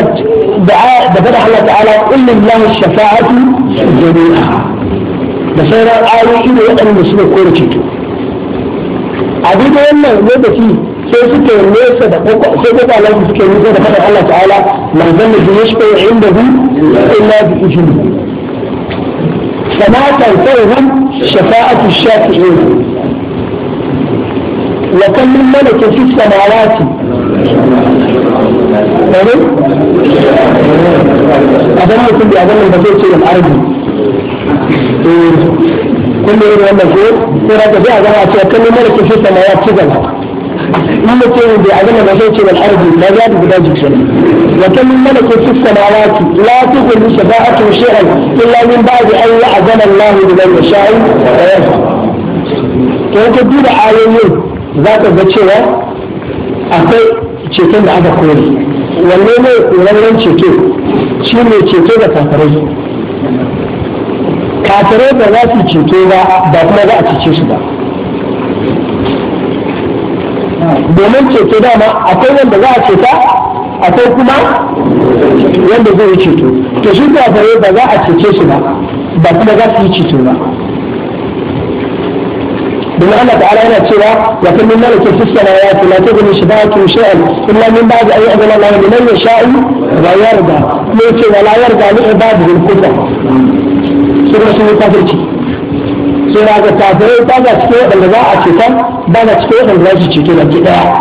دعاء بفتح الله تعالى قل لله الشفاعة جميعا بسيرا آية إلى أن نسمع كل شتو عبد الله فيه sai suke nesa da sai kwakwalen suke nesa da fadar Allah ta'ala mai zama da yashko inda bi illa bi izini kama tanfa'uhum shafa'atu shafi'in wa kam min malakin fi samawati Bari? Adam mutum da adam da zai ce da arzi. Kun da irin wannan ko? Sai raka zai a zama a ce kan min malakin fi samawati gaba. in mutum bai abin da ba zai ce wal ardi ba za ta guda jikin wa kan min malaka fi samawati la tughni shafa'atu shay'an illa min ba'di an ya'zana Allahu liman yasha'u wa yarda to ka duba ayoyin za ka ga cewa akwai ceton da aka kore wanne ne wannan ceto shi ne ceto da kafirai kafirai ba za su ceto ba ba kuma za a cece su ba domin ceto dama akwai wanda za a ceta akwai kuma wanda zai yi ta to shi kafare ba za a cece su ba ba kuma za su yi ceto ba bin Allah ta'ala yana cewa wa kan min malaka fisana ya ta la tagun shida tu shay'an illa min ba'd ay adala la min man yasha'u wa yarda ne ce wala yarda li ibadi bil kufr sura sun kafirci suna ga tafiye ba za cikin waɗanda za a cutar ba na cikin waɗanda za su cutu baki ɗaya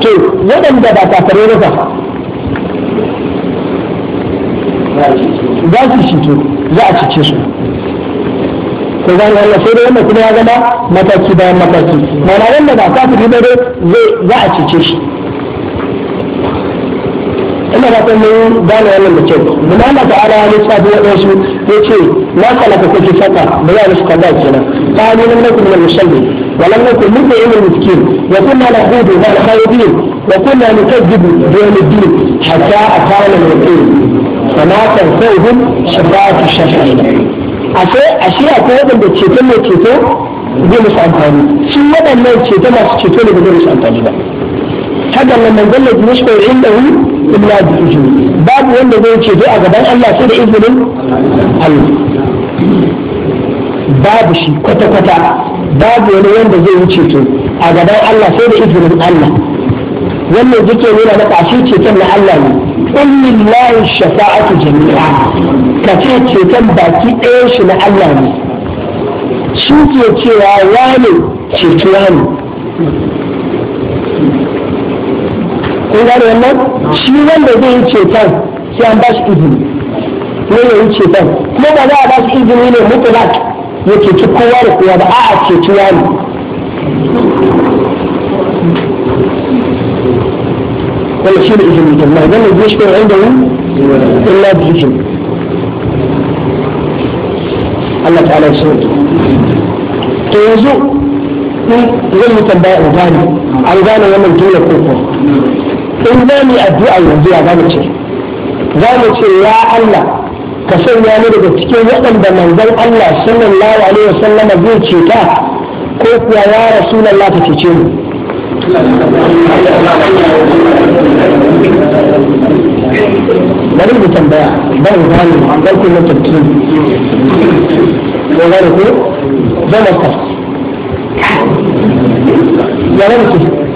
to waɗanda ba tafiye ba za su cutu za a cuce su ko zai Allah sai da wannan kuma ya zama mataki bayan mataki mana wanda ba kafiri ba dai za a cuce shi ina ba ta mun gane wannan da kyau mun Allah ta'ala ya wa waɗansu yace ma salaka kuke saka ba za su kalla kenan qalu nan nakun min musalli wa lam nakun mut'im miskin wa kunna hudu ma al-khaydin wa kunna nukazzibu bi yawm al-din hatta atana al-yaqin fama tanfa'uhum shafa'atu shafi'in ashe ashe akwai wadanda ceton ne ceto zai musu amfani shi waɗannan ceto masu ceto ne ba zai musu amfani ba haka nan manzon da yashfa indahu illa bi ujuri babu wanda zai ce a gaban Allah sai da izinin Allah babu shi kwata-kwata babu wani wanda zai yi ceto a gaban Allah sai da izinin Allah wannan zuke nuna maka ashe ceton na Allah ne qul lillahi shafa'atu jami'a ka ce ceton baki ɗaya shi na Allah ne shi ke cewa wani ceto ne kun gane wannan shi wanda zai yi ceton sai an ba shi izini ne ya yi ceton kuma ba za a ba shi izini ne mutlak ya ceci kowa da kowa ba a'a ceci wani ولا شيء بإذن الله لم يشكر عندهم إلا بإذن الله تعالى يسرد تيزو من غير متباع وغاني عن غانا ومن دون الكفر in za mu addu'a yanzu ya za mu ce za mu ce ya Allah ka sanya ni daga cikin waɗanda manzon Allah sallallahu alaihi wasallam zai ce ta, ko kuwa ya rasulullah ka cece mu bari mu tambaya ba mu gane ba ku na tattun ko gane ko zama ka ya ce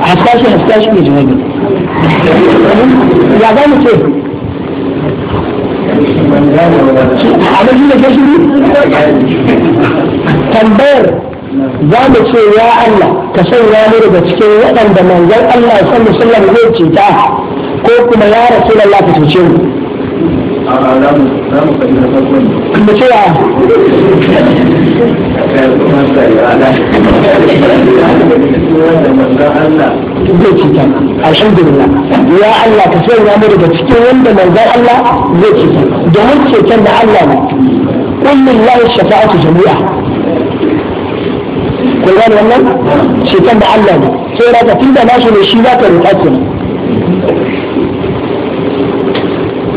hasashi hasashi ne jawabi ya za mu ce abin da ke shiru tambayar za mu ce ya Allah ka sanya mu daga cikin waɗanda manzon Allah ya san musulman zai ceta ko kuma ya rasu Allah ka cece mu mu ce ya zai cuta alhamdulillah ya Allah ka sanya mu daga cikin wanda manzon Allah zai cuta domin ceton da Allah ne kullillahi shafa'atu jami'a kun gane wannan ceton da Allah ne sai raka tunda nashi ne shi za ka roƙa kenan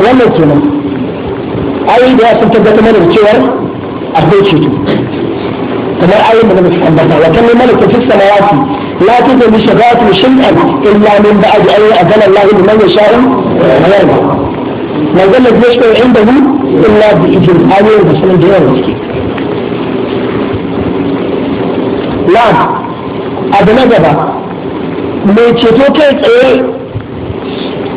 wannan kenan ayoyi da ya sun tabbatar mana cewa, cewar akwai ceto kamar ayoyin da muka ambata wa kan malaka fi samawati la tuzmi shafa'atu shay'an illa min ba'di an ya'dana Allah liman yasha'u wa yarda man zalla yashfa'u indahu illa bi idin ayoyin da sunan da yawa suke na'am abu na gaba mai ceto kai tsaye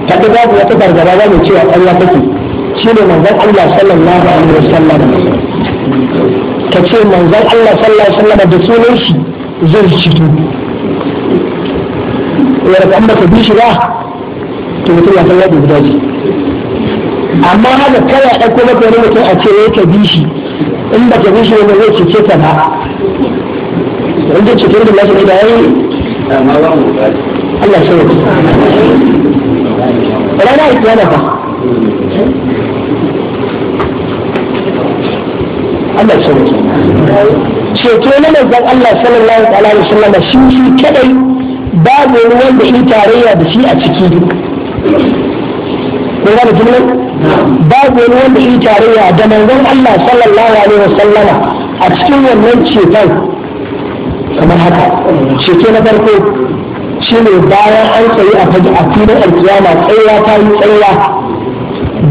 ta babu wata gargaba za mu cewa ƙarya take shine manzon Allah sallallahu alaihi wasallam ka ce manzon Allah sallallahu alaihi wasallam da sunan shi zai shigo wanda kan baka bi shi ba to mutum ya san yadda guda amma haka kai a ɗauko maka wani mutum a ce ya ka bi shi in baka bi shi ba zai cece ka ba in zai cece da lafiya da yayi Allah sai ya rana ikiyama fa Allah sauki ceto na manzon Allah sallallahu alaihi wasallam shi shi kadai babu ruwan wanda in tarayya da shi a ciki kun gane jumla babu wani wanda yi tarayya da manzon Allah sallallahu alaihi wasallama a cikin wannan ceton kamar haka ceto na farko shi ne bayan an tsaye a fage a filin alkiyama tsayya ta yi tsayya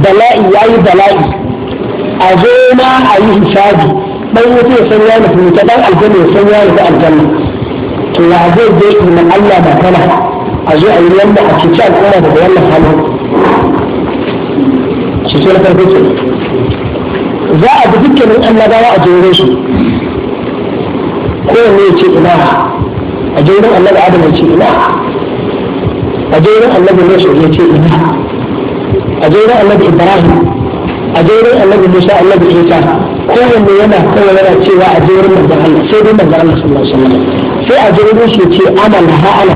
bala'i ya yi bala'i a zo na a yi hisabi dan wuta ya san ya nufi wuta dan aljanna ya san ya nufi aljanna to ya zai je ina Allah da kana a zo a yi yanda a cuci al'umma daga wannan halin shi sai farko ce za a bi dukkanin annabawa a jere su kowanne ya ce ina a jeren annabi adam ya ce ina a jeren annabi nusu ya ce ina a jeren annabi ibrahim a jairin annabi musa annabi isa kowanne yana kawai yana cewa a jairin manzan allah sai dai manzan allah sallallahu alaihi wasallam sai a jairin su ce amal ha ala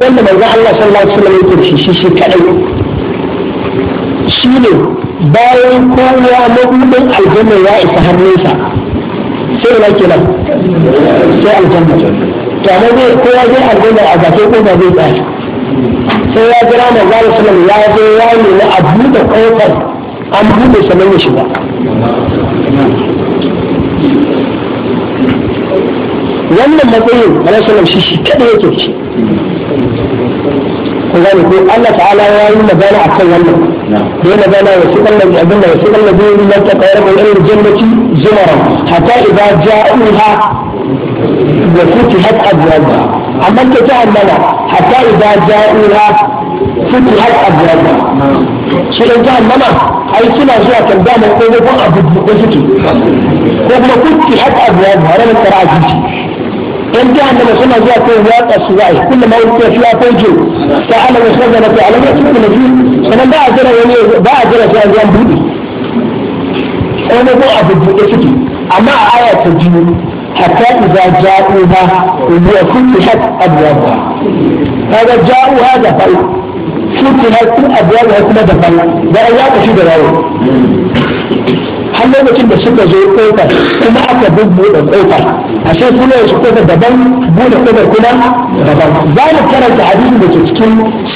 wanda manzan allah sallallahu alaihi wasallam yake shi shi kadai shi ne bayan kowa mabuɗin aljanna ya isa hannunsa. sai ina kenan sai aljanna to amma zai kowa zai aljanna a bakin kofa zai tsaya sai ya jira na zara sulam ya zo ya nemi a buɗe ƙofar an buɗe saman ya shiga wannan matsayin na sulam shi shi kaɗai yake shi. ku zane ko Allah ta'ala ya yi magana a kan wannan da ya magana ya su kallon abin abinda ya fi kallon zai yi na ta kayar mai irin jannati zumaran hata idan ja'uha wa futihat abwabuha amma ta jahannama hatta idza ja'uha futihat abwabuha shi dan jahannama ai suna zuwa kan damar ko ko abu da suke ko kuma futihat abwabuha ran taraji dan jahannama suna zuwa kan watsa suwai kullum ma wuce fiya ko je ta ala wa sadana ta ala wa sunna fi sanan ba a jira wani ba a jira sai an zo bude ko ko abu suke amma a aya ta حتى إذا جاءوها وفتحت أبوابها هذا جاءوا هذا فوق فتحت أبوابها كما دفعوا درجات في دراوة har lokacin da suka zo kofar kuma aka bubbuɗe kofar ashe kuma yasu kofar daban buɗe kofar kuma daban za mu karanta hadisin da ke cikin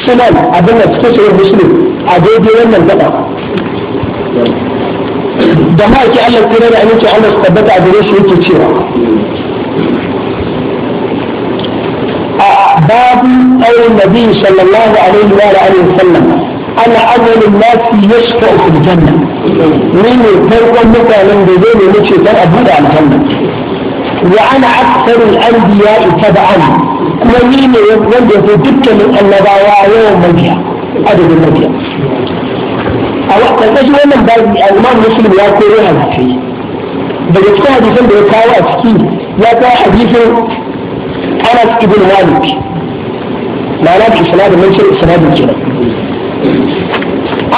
sunan abin da cikin shirin a daidai wannan da ma'aiki Allah kira da aminci Allah su tabbata a gare shi yake cewa a babu aure nabi sallallahu alaihi wa alihi wasallam ana awwal an-nas yashfa'u fil janna ni ne farkon mutanen da zai nemi ceton a buɗe aljanna wa ana aktharu al-anbiya tab'an kuma ni ne wanda ya fi dukkanin annabawa yawan mabiya adadin mabiya a ƙarƙashin wannan babi al-imam muslim ya koro hadisai daga cikin hadisan da ya kawo a ciki ya kawo hadisin anas ibn malik ma'ana da isnadin mun ce isnadin kenan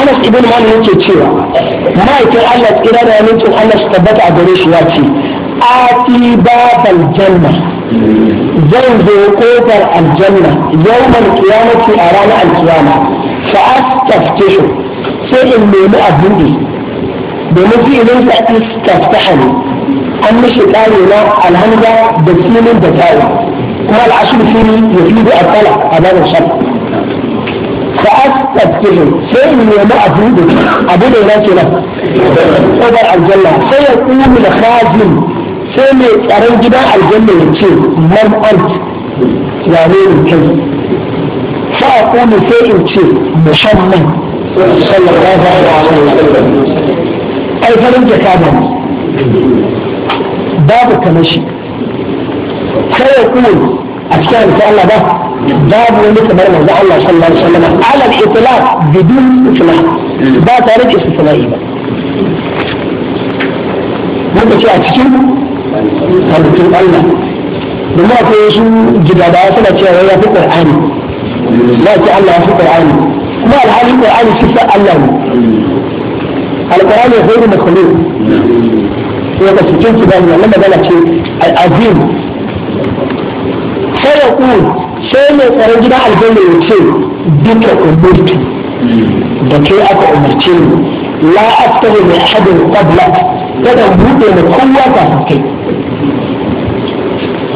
anas ibn malik yake cewa ma'aikin allah tsira da yamin allah su tabbata a gare shi ya ce آتي باب الجنة زوج قوتر الجنة يوم القيامة أرانا القيامة فأستفتشه سلم لي مئة جندي بمثي إذن تأتي تفتحني أمش الآن هنا الهمزة بسيم بتاوى ما العشر فيني يفيد أطلع هذا الشر فأستبتهم سلم لي مئة جندي أبدا ذاك له أبر الجنة سيقوم الخازن سلمي أرنجبا الجنة يتشير من أنت يعني الكلمة فأقول شيء شيء مشمل صلى الله عليه وسلم أي فلم تكابر باب كمشي سيكون أشكال إن شاء الله ده باب ومتبر مرضى الله صلى الله عليه وسلم على الإطلاق بدون إطلاق ده تاريخ استثنائي بقى wanda ce a cikin halittun Allah da ma akwai wasu gidada suna cewa ya fi ƙar'ani za ce Allah ya fi ƙar'ani kuma alhalin qur'ani sifar Allah ne alqur'ani ghairu makhluq sai ka cikin ki bani wannan magana ce al'azim sai ya ku sai mai tsaron gidan aljanna ya ce duka umurtu da ke aka umarce ni la aftahu min ahadin qablak kada bude da kowa kafin kai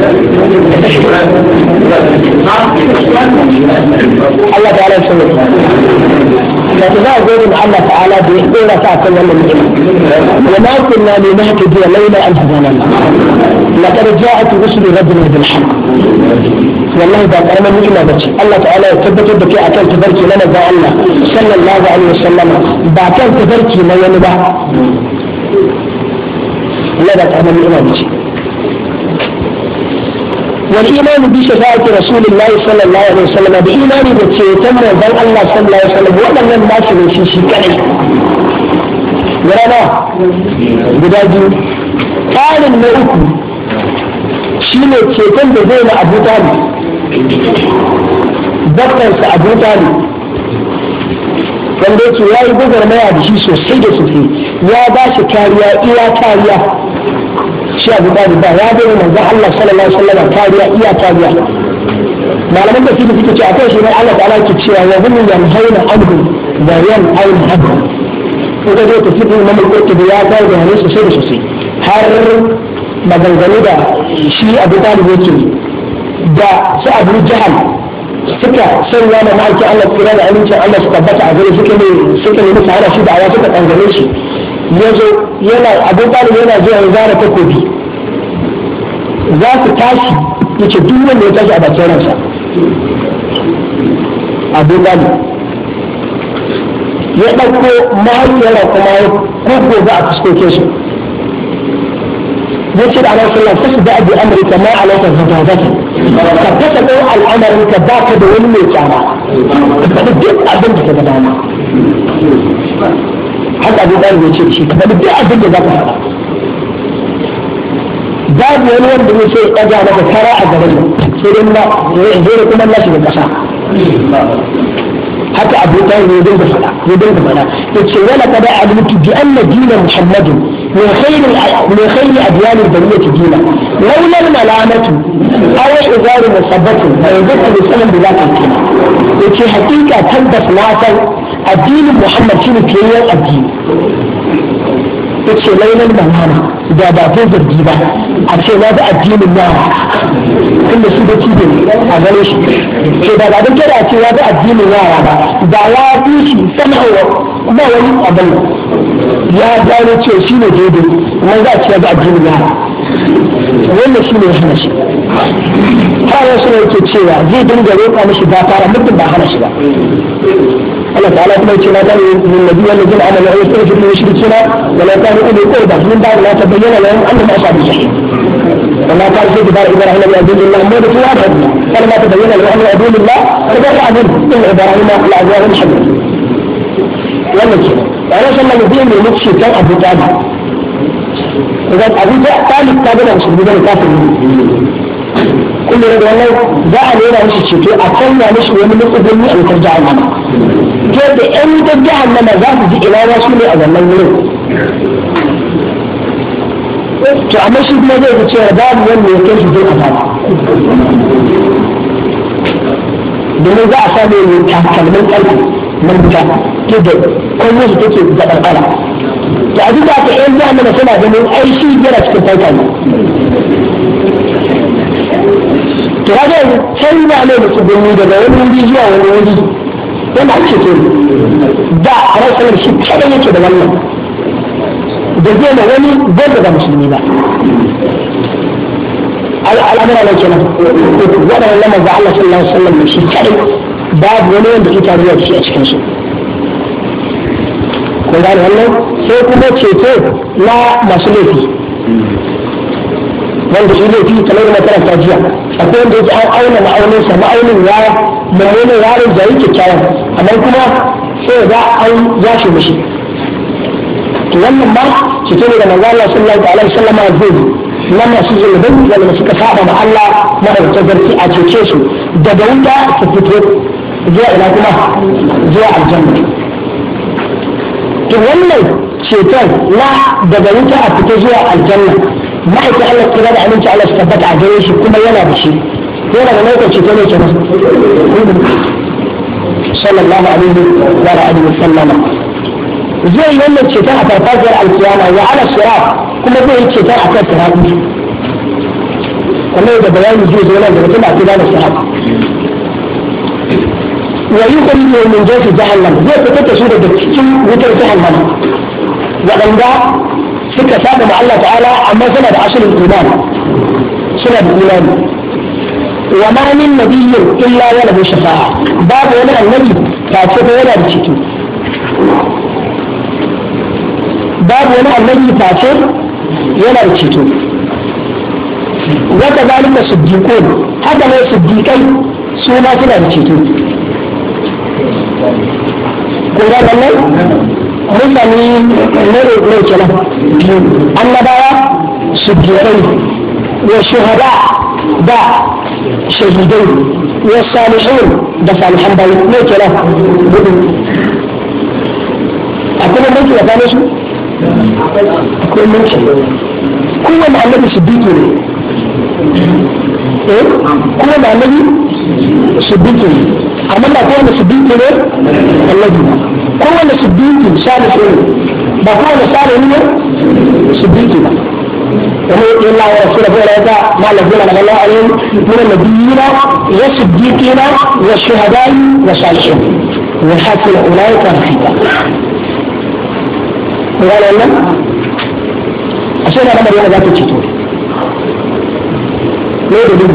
الله تعالى يسلمك لكن ما أقول الله تعالى بيقول ساعة كل يوم وما كنا لنهتدي ليلة أن هدانا لقد جاءت رسل ربنا بالحق والله ذاك أنا من إلا بك الله تعالى يثبت بك أكل تبركي لنا ذا الله صلى الله عليه وسلم بأكل تبركي لنا ذا الله ذاك أنا من إلا بك wal imanu bi shafa'ati rasulillahi sallallahu alaihi wasallam da imani da ce ta manzon Allah sallallahu alaihi wasallam waɗannan ba su shi shi kadai guda biyu ƙarin na uku shine ceton da zai na Abu Talib bakkansa Abu Talib wanda yake yayi gwagwarmaya da shi sosai da sosai ya bashi kariya iya kariya shi abu da ba ya bai manzo Allah sallallahu alaihi wasallam kariya iya kariya malaman da suke suke ce akwai shi ne Allah ta'ala ke cewa wa hum yanhauna anhu wa yanhauna anhu ko da yake tafi Imam al-Qurtubi ya kai da hadisi sosai sosai har maganganu da shi Abu Talib yake da su Abu Jahal suka sanya da ma'aikin Allah kira da amincin Allah su tabbata a gare suka ne suka ne mutane shi da awa suka tangane shi ya zo yana abu talib yana zuwa ya zara takobi za su tashi ya ce duk wanda ya tashi a bakin ransa abu talib ya ɗauko mahaifiyar kuma ya kogo za a fuskoke su ya ce da alaƙa sallam su da abu amurka ma alaƙa zata zata ka fasa ɗau al'amarinka ba ka da wani mai kyama ka faɗi duk abin da ka ga dama haka abu ɗalib ya ce da shi ka duk abin da za ka faɗa babu wani wanda ya ce ɗaga maka fara a gaban sai dai na zai kuma na shiga ƙasa haka abu ɗalib ya dinga faɗa ya dinga faɗa ya ce wala kada alimtu bi anna dina muhammadin min khayri min khayri adyanil bariyati dina laula al malamatu aw izaru musabbatu la yadhkuru sallam bi zati dina yace hakika tabbas na san addinin muhammad shi ne fiyayyen addini ya ce lailan da nama da ba zai zargi ba a ce na da addinin nawa inda su da cibe a gare shi ce da ba don kada a ce ya da addinin yara ba da ya fi shi sanarwa kuma wani abin ya gano ce shi ne daidai wani za a ce ya da addinin yara wannan shi ne ya hana shi har wasu ne ke cewa zai dinga roƙa mashi ba fara mutum ba hana shi ba الله تعالى كما يقول لا تنهوا من النبي الذين امنوا ان يستغفروا للمشركين ولا كانوا اولي قربى من بعد ما تبين لهم انهم اصحاب الجحيم وما قال في كتاب ابراهيم لعدو الله مولد واحد ما تبين لهم أنهم عدو الله تبرع منه ان ابراهيم لعدو محمد wannan ke tare sallah ne zai nemi cutar abu talib idan abu أبو ta gina musulmi zai kafin lura da wannan za a nuna mishi ceto a canza mishi wani matsugunni a wutar jahannama ta da yan wutar jahannama za su ji ina su ne a wannan wurin to amma shi kuma zai ga cewa babu wanda ya kai shi zai azaba domin za a samu ne takalmin ƙarfi na wuta ta da kwanye shi take da ƙarƙara to a duk da aka yan jahannama suna ganin ai shi yana cikin takalmi to kaga sai canza ne su birni daga wani wuri zuwa wani wuri yana ake to da a rasalar shi kaɗai yake da wannan da zai na wani zai da musulmi ba al'amura ne nan waɗannan lamar da Allah sallallahu alaihi wasallam shi kaɗai babu wani wanda ita ruwa shi a cikin su kun gane wannan sai kuma ceto na masu laifi wanda shi zai fi kamar da makaranta jiya akwai wanda yake an auna ma'aunin sa ma'aunin yaya mummunan yaron da yake kyawun amma kuma sai ga an yashe mishi to wannan ba shi ne da manzo Allah sallallahu alaihi wasallam zai yi nan masu zulubin wanda suka saba ma Allah madaukakin sarki a cece su daga wuta su fito zuwa ila kuma zuwa aljanna to wannan ceton na daga wuta a fita zuwa aljanna ma'aikin Allah su da aminci Allah su tabbata a gare shi kuma yana da shi yana da lokaci ko ne kenan sallallahu alaihi wa alihi wa sallama zai yi wannan ceton a farfajiyar alkiyama ya ala sura kuma zai yi ceton a kan sirabi kamar da bayani zai zo nan da mutum a kira da sirabi wa yi kuri ne min jefi jahannam zai fitar da su daga cikin wutar jahannam waɗanda suka saba ma Allah ta'ala amma suna da asalin iman suna da iman wa ma min nabiyyi illa wa lahu shafa'a babu wani annabi ta ce ba yana da ciki babu wani annabi ta ce yana da ciki wata zalika siddiqun haka ne siddiqai su ma suna da ciki kun ga wannan rukuni na rukunai kenan annabawa siddiqai wa shuhada da shahidai wa salihun da salihan bayi ne kenan gudu akwai mulki da gane su akwai mulki kowane annabi siddiqi ne kowane annabi siddiqi ne amma ba kowane siddiqi ne annabi kowane siddiqi salihu ne ba kowane salihu ne siddiqi ba ومن الله ورسوله أولئك ما الذين أنعم الله عليهم من النبيين والصديقين والشهداء والصالحين وحسن أولئك رفيقا. وقال لنا أشهد أن مريم ذات الجدول. ليه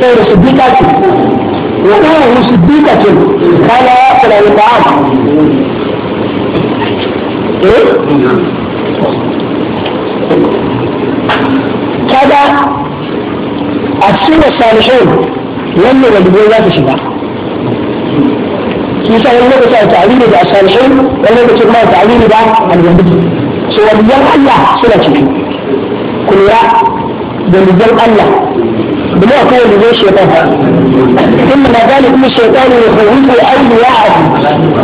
saboda siddiqa ce wa ummuhu siddiqa ce kana ya kula da ta'am eh kada a cikin salishin wannan walibai za ta shiga kisa wani lokaci a ta'alili da salishin wani lokaci kuma a tarihi da alwalibai so waliyan Allah suna ciki kula da waliyan Allah بما هو من الشيطان إنما ذلك من الشيطان يخوفه أي واحد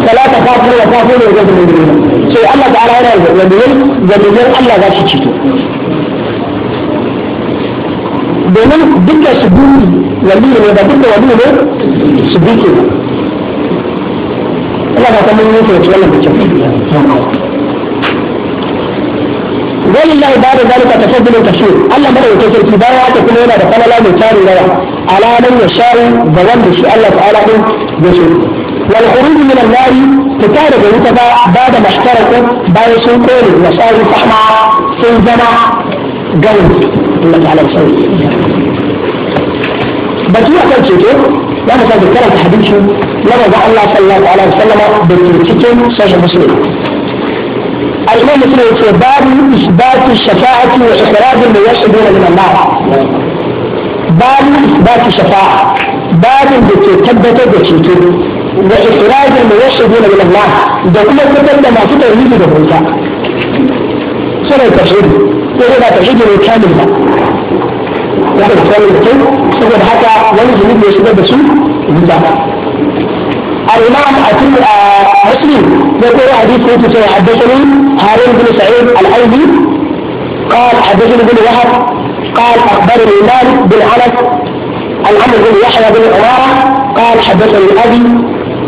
ثلاثة تخاف ولا وجد من دونه سي الله تعالى هنا يقول يقول الله ذا شيء domin duk da su biyu waliyu ne ba duk da waliyu ne su biyu ke ba. Allah ba ولله بعد ذلك تفضل كثير الله مره يتكر في بايا تكون هنا بقال الله مكان لها على من يشاء بغنب شيء الله تعالى يشاء والخروج من النار تتعرض وتبا بعد ما اشتركوا بايا سنقول وصاروا في سنزمع جو الله تعالى يسوي بطوة كان شيء لما كان بيتكلم في حديثه لما الله صلى الله عليه وسلم بالتركيكين سجن مسلم الإمام مسلم في باب إثبات الشفاعة وإخراج الموحدين من النار باب إثبات الشفاعة باب بتثبت بتشتري وإخراج الموحدين من النار ده كل كتب ما في تغيير ده بنتا سنة التشهيد وإذا تشهيد الكامل ده يعني الكامل ده سنة حتى لن يجب أن يشتغل بسوء الإمام مسلم آه، يقول حديث كنت حدثني هارون بن سعيد الأيدي قال حدثني بن وهب قال أخبرني مالك بن أنس عن عمرو بن يحيى بن عمارة قال حدثني أبي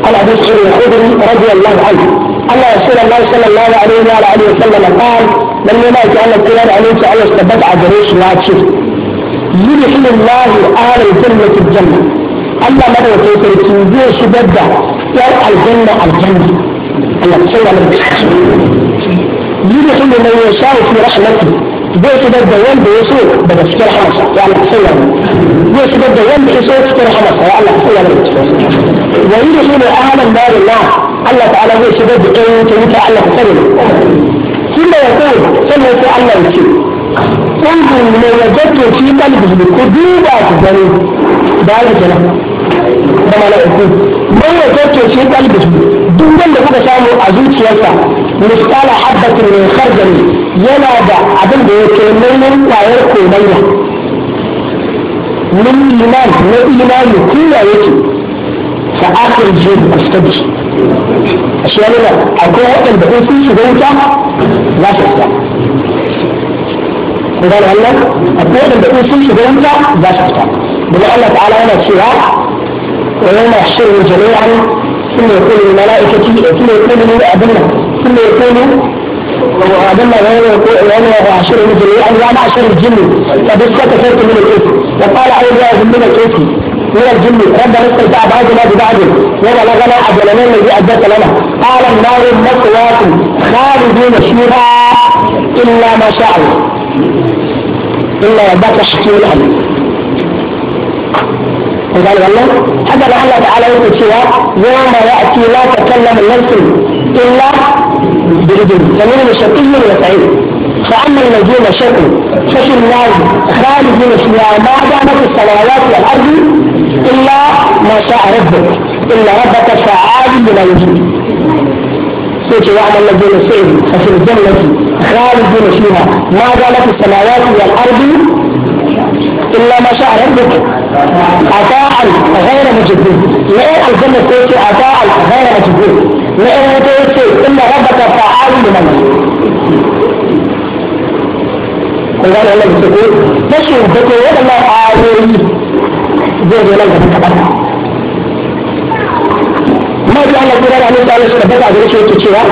قال أبي سعيد الخدري رضي الله عنه أن رسول الله صلى الله عليه وعلى آله وسلم قال من يمات أن الكلام عليك أن يستبد عجريش لا تشوف يدخل الله آل الجنة الجنة الله مدى وكيف يتنزيه شدده يقول الجنة الجنة الله تسلم من الحسن يدخل من يشاء في رحمته زي كده الدوام بيسوق بدل سكر حمصة يا الله تسلم زي كده الدوام بيسوق سكر حمصة يا الله تسلم ويدخل أهل النار الله الله تعالى زي كده بقيمة وانت الله تسلم ثم يقول ثم يقول الله يسلم انظر من وجدت في قلبه كذوبة تزني بعد كلام da mala'iku don ya kyauce shi kalbi duk wanda kuka samu a zuciyarsa misala habbatin min khardali yana da abin da ke nauyin kwayar komayya min iman na imani kuma yake fa akhir jin astabi a yana akwai waɗanda in sun shiga wuta za su fita kun gane wannan akwai waɗanda in sun shiga wuta za su fita daga Allah ta'ala yana cewa ويوم احشرهم جميعا ثم يقول الملائكة ثم يقول أبنا ثم يقول وعدنا وأبنا ويوم يحشرهم جميعا يا معشر الجن قد استكثرت من الكفر وقال أولياء من الإثم من الجن ربنا استمتع بعضنا ببعض وبلغنا أجلنا الذي أجلت لنا قال النار مثواكم خالدين فيها إلا ما شاء الله إلا يبقى حكيم العليم قال والله حتى الله تعالى يقول يوم يأتي لا تكلم النفس إلا بإذن فمنهم شقي وسعيد فأما الذين شقوا الناس النار من فيها ما دامت السماوات والأرض إلا ما شاء ربك إلا ربك فعال بما يجيب سوف يعمل الذين سئلوا ففي الجنة من فيها ما دامت السماوات والأرض إلا ما شاء ربك عطاء غير مجدد لأن الجنة تأتي عطاء غير مجدد لأن تأتي إن ربك فعال لمن kun gane da suke rashin zato waɗannan ayoyi zai zo nan gaban kaɗan. Mabi Allah kira da hannun tsarin suka bata gare shi cewa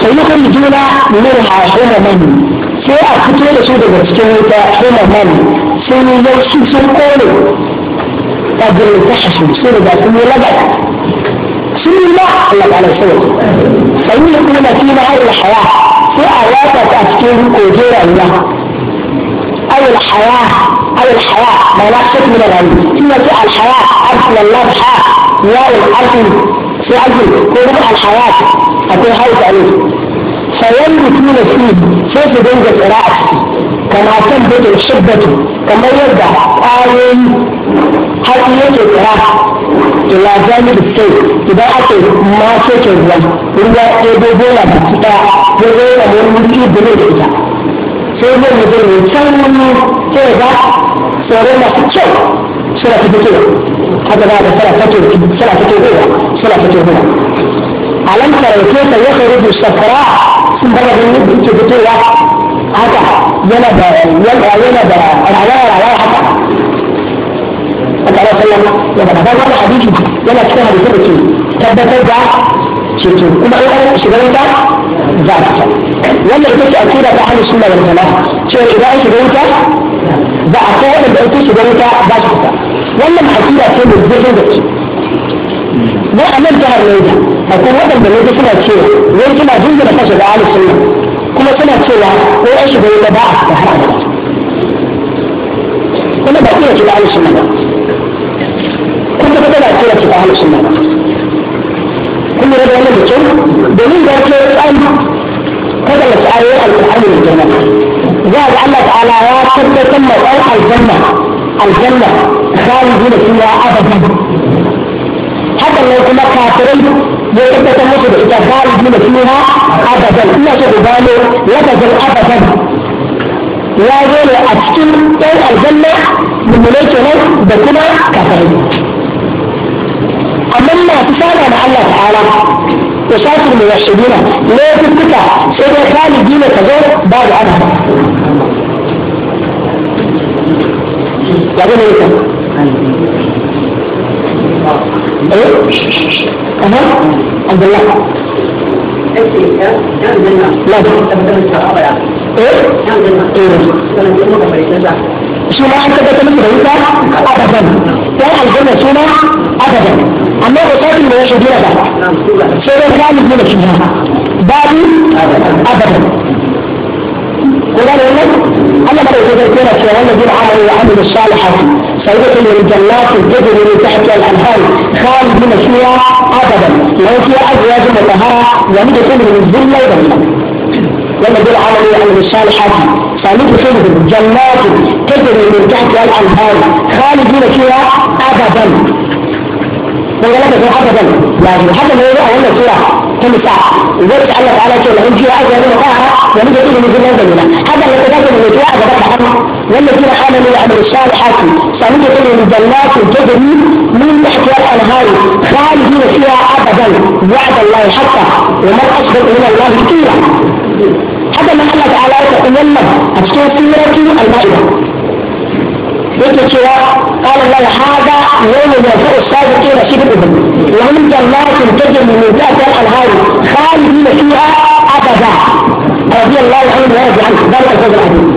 sai yi juna min ha homo mani sai a fito da su daga cikin wuta homo mani sai ya shi sun kone ƙadirin ta shi sun riga sun yi lagata sun yi ba Allah ta ala sai sai yi kuma fi na ayyul haya sai a wata ta cikin koge rayuwa ayyul haya ayyul haya ba na shi kuma rayuwa ina ce alhaya arsalallah ha yawon arsin sai arsin ko rufe alhaya akwai haifu a yau sayan mutum da su sai su dinga tsira a ciki kana kan da ke kamar yadda ƙwayoyi hatsi yake kira ila jami da sai idan ake mace ke ruwa ruwa ya bai gola da kita ya gola ne wuri bane da ita sai zai yi zai mai can sai ga tsoro masu kyau suna fito kewa haka za da suna fito suna fito kewa suna fito kewa alam karauke ta ya kai rubu safara sun bada da yake fitowa haka yana da yana da rayuwa rayuwa haka Allah sallam ya ba da wannan hadisi yana cikin hadisi da ke tabbatar da ceto kuma an shiga wuta za ta ta wannan ita ce a tura ta hannun suna wani sana'a cewa idan an shiga wuta ba a kai wadanda ake shiga wuta za su fita wannan hakira ce mai zurfin da ce ne a nan jihar Niger akwai waɗanda ne suna cewa wai kina jingina kashe da ahlus sunna kuma suna cewa ko ya shiga wuta ba da har abada kuma ba iya shiga ahlus sunna ba kuma ba tana cewa shiga ahlus sunna ba kun lura da wannan da kyau domin da ke tsan kada ya tsaye alƙur'ani da girma za ga Allah ta'ala ya tabbatar ma ɗan aljanna aljanna khalidina fiha abadan hakan ne kuma kafirai ya tabbatar muku da ita galibi na fiha abadan ina so ku gano lafazin abadan ya zo ne a cikin ɗan aljanna mummunai kenan da kuma kafirai amma masu saba na Allah ta'ala ku shafi mu yashidina ne kuka sai dai galibi ne ka zo da abada ya zo ne أها عبد الله لا suna an tabbatar musu da wuta abadan yan aljanna suna abadan amma ba kafin da ya shirya ba sai dai zalim ne da shi ha babu abadan ko da ne Allah ba da yake cewa wannan bin amali wa amilu salihati من الجنات الجبل من تحت الانهار من الشيعة ابدا لو فيها ازواج مطهره وندخلهم الذله لما دول عملوا يعني عمل الصالحات فندخلهم جنات تجري من تحت الانهار من الشيعة ابدا. ولا تقول ابدا يعني حتى لو يقع ولا فيها كم ساعة وذلك الله تعالى يقول لهم جاء أجل طاعة ومن جديد من ذلك ذلك هذا يتبادل من جاء ذلك عنه والذين آمنوا وعملوا الصالحات سنجدون من جنات تجري من تحتها الأنهار خالدين فيها أبدا وعد الله حقا ومن أصدق من الله قيلا هذا من الله تعالى يتكلم أشكر سورة المائدة yake قال الله هذا يوم ينفع الصادقين صدقهم وأنت لا تنتجم من تحت الأنهار خالدين فيها أبدا رضي الله عنه ويرضي عنه بل الفضل العظيم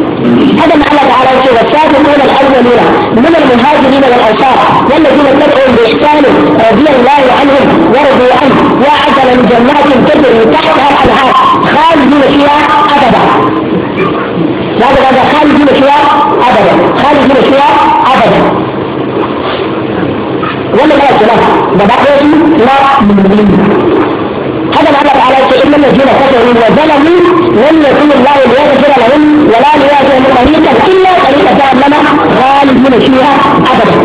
هذا ما الله تعالى يقول السابقون الاولون من المهاجرين والانصار والذين اتبعوا باحسان رضي الله عنهم ورضوا عنه وعد من جنات تجري تحتها الانهار خالدين فيها ابدا هذا هذا خالدين فيها ابدا خالدين فيها ابدا ولا wannan ba kenan gaba ɗaya لا من مين هذا ما الله تعالى إن الذين كفروا وظلموا لم يكن الله ليغفر لهم ولا ليهديهم طريقا إلا طريق جهنم خالدين فيها أبدا.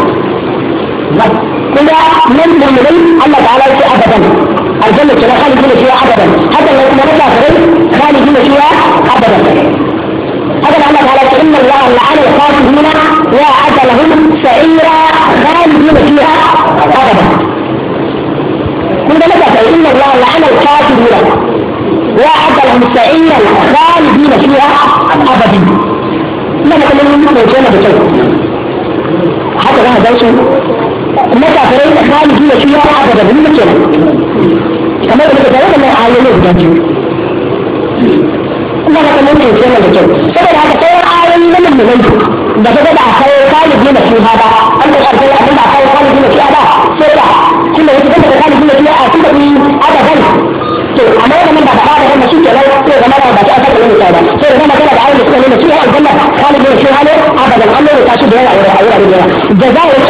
كلها من المؤمنين الله تعالى أبدا الجنة خالدين فيها أبدا حتى لو كنا كافرين خالدين فيها أبدا هذا الأمر على فإن الله لعن الخاسرين وأعد لهم سعيرا خالدين فيها أبدا كل متى فإن الله لعن الخاسرين وأعد لهم سعيرا خالدين فيها أبدا لما كلمة مثل الجنة بتوع حتى لها دوشة متى فإن خالدين فيها أبدا من كده كما يقول ان من عالمين kuma da kamar yin yana da kyau saboda haka sauran ayoyi na mulmulai da ta gaba a kawo kalibi na fiha ba an da karfe abin da a kawo kalibi na fiha ba sai da tunda wasu gaba da kalibi na shi a tun da kuyi adaban to amma wannan ba da ba da wannan shi ke nan sai zama da ba ta aka kalli mutai ba sai zama kana da ayoyi suka nuna cewa aljanna kalibi na fiha ne abadan an nuna ta shi da yawa a wurare da yawa jazaa'u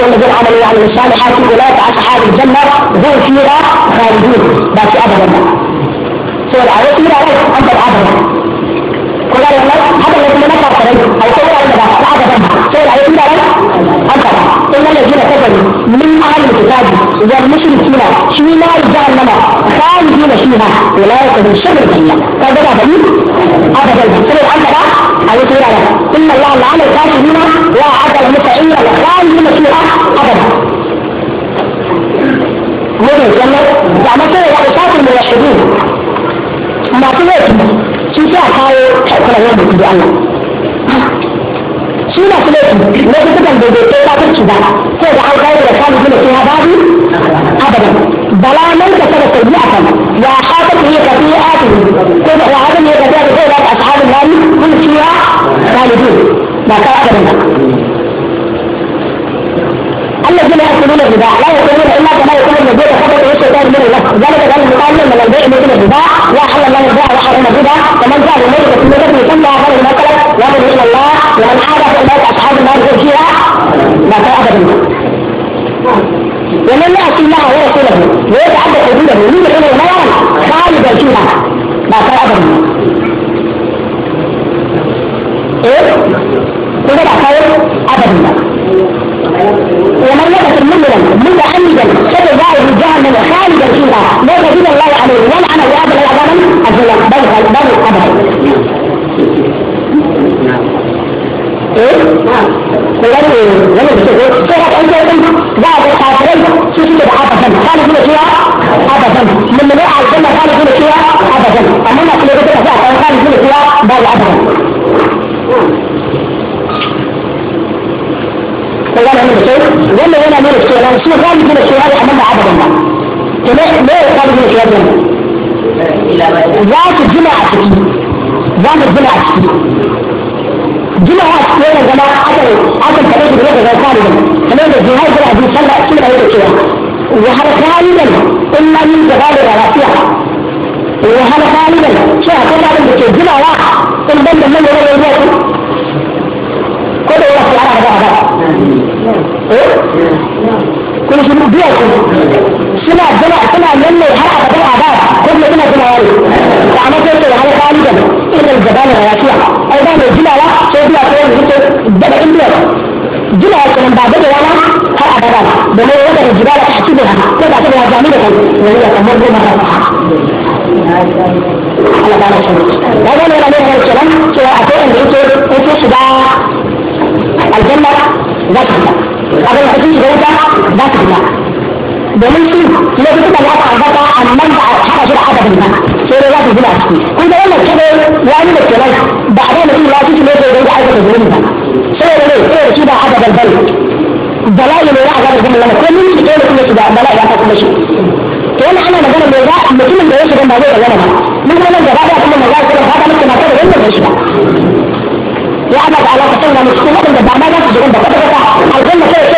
بعد الذين عملوا وعملوا يعني الصالحات اولئك اصحاب الجنه دول فيها خالدون بس ابدا سورة وكيل عليك انت العبد كل هذا يوم هذا الذي نصر عليك او كل يوم الابدا سورة وكيل عليك انت العبد ان الذين كفروا والمشركين في نار جهنم خالدين فيها اولئك هم شر البريه فهذا دليل ابدا سبب انك او سورة ان الله لعن الكافرين واعد لهم سعيرا خالدين فيها ابدا مدن جنة زعما كده وقصات الموحدين ما كده شو ساعة كاو حكرة يوم بتدعي suna filofi na kusurkan da bai kai kafirci ba ko da an kawo da kamun kuma sai babu abadan bala man ka saba sai ya kan ya haka ku ya kafi ya ati ko da ya haka ne ka da ko da ashabul nari kun ciya kalidin ba ka abadan ba الذين يأكلون الربا لا يقولون إلا كما يقول الذين كفروا الشيطان من النفس ذلك قال المقال من البيع مثل الربا وأحل الله البيع وحرم الربا ومن جاء بميتة من خالدا شد الله في جهنم خالدا فيها ليس دين الله عليه ولعن وابل عذابا الجنة بل بل ابدا ايه؟ ولم لم يشتكوا كيف انت بعض الحاكمين شفت عبثا قالوا كل شيء عبثا من منوع الجنه قالوا كل شيء عبثا انما في بيتك فيها قالوا كل شيء بل عبثا شيء ولا هنا من السؤال لو الشيء خالد من الشيء هذا عملنا عبدا ليه ليه خالد من السؤال ده؟ ذات الجمعة ذات الجمعة جمعة كتير يا جماعة عدل عدل كلام بلاد زي خالد كلام الجهاد ولا دي صلى كل غير الشيء وهذا خالد إلا من جبال على وهذا خالد شيء كل من الشيء جمعة واحد البند بند من يروي يروي كل واحد على هذا kun shi biya ku suna jana suna nan ne har a gaban abad ko kuma suna jina yaro da amma sai sai har kali da ina da bana ya shi ai ba mai jina sai biya ko ne ko daga indiya jina ya kuma ba da yana har abada da ne wanda da jibala ta ci da ko da ta ya jami da kai ne ya kamar goma ta Allah ba na da ga ne da ne kenan cewa akwai inda yake yake shiga aljanna za ta अगर लड़की गई का दस हजार दोनों की लोग तो अल्लाह ताला का अमन का अच्छा का शुरू आदत बनना तेरे का बिजला अच्छी उन दोनों लड़के को वाली लड़के ना दादा लड़की लाठी से लेकर गई आए तो बिजली ना सर ले सर सीधा आदत बदल دلائل لا غير من لما كل من يقول كل كذا دلائل لا كل شيء كان انا مثلا لو جاء مثل ما يشوف ما غير ولا ما مثلا لو جاء كل ما جاء كل هذا مثل ما كان غير شيء يا ابد على قصنا مشكله من بعد ما تجي عندك الجنه كده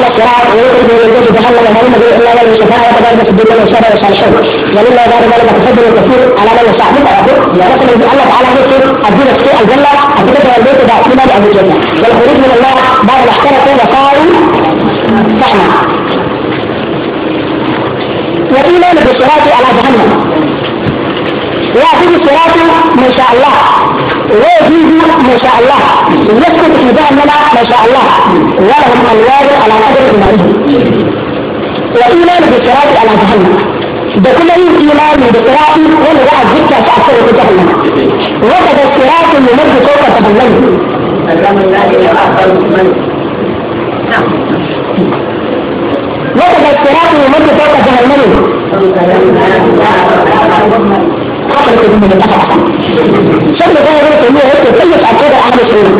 على الصراط ويخرج من الجنة جهنم وهل النبي إلا من الشفاعة وكذلك الدنيا من شر الصالحين ومما يدار ذلك تفضل الكثير على من يشاء بك يقول مثلا الله تعالى يذكر الدين السوء الجنة الدين البيت بعد إيمان أهل الجنة والخروج من الله بعد ما احترقوا وصاروا فحما وإيمان بالصراط على جهنم ويأتي الصراط ما شاء الله ويزيد ما شاء الله يسكت في دعمنا ما شاء الله ولهم انوار على قدر المريض وايمان بالصراط على جهنم ده كل ايمان بالصراط ولا بعد ذكر تاثر في جهنم وقد الصراط الممد فوق جهنم وقد الصراط الممد فوق جهنم خطر كبير من الأسف شكل ده غير كمية هيك تلف على كده أهل الشروط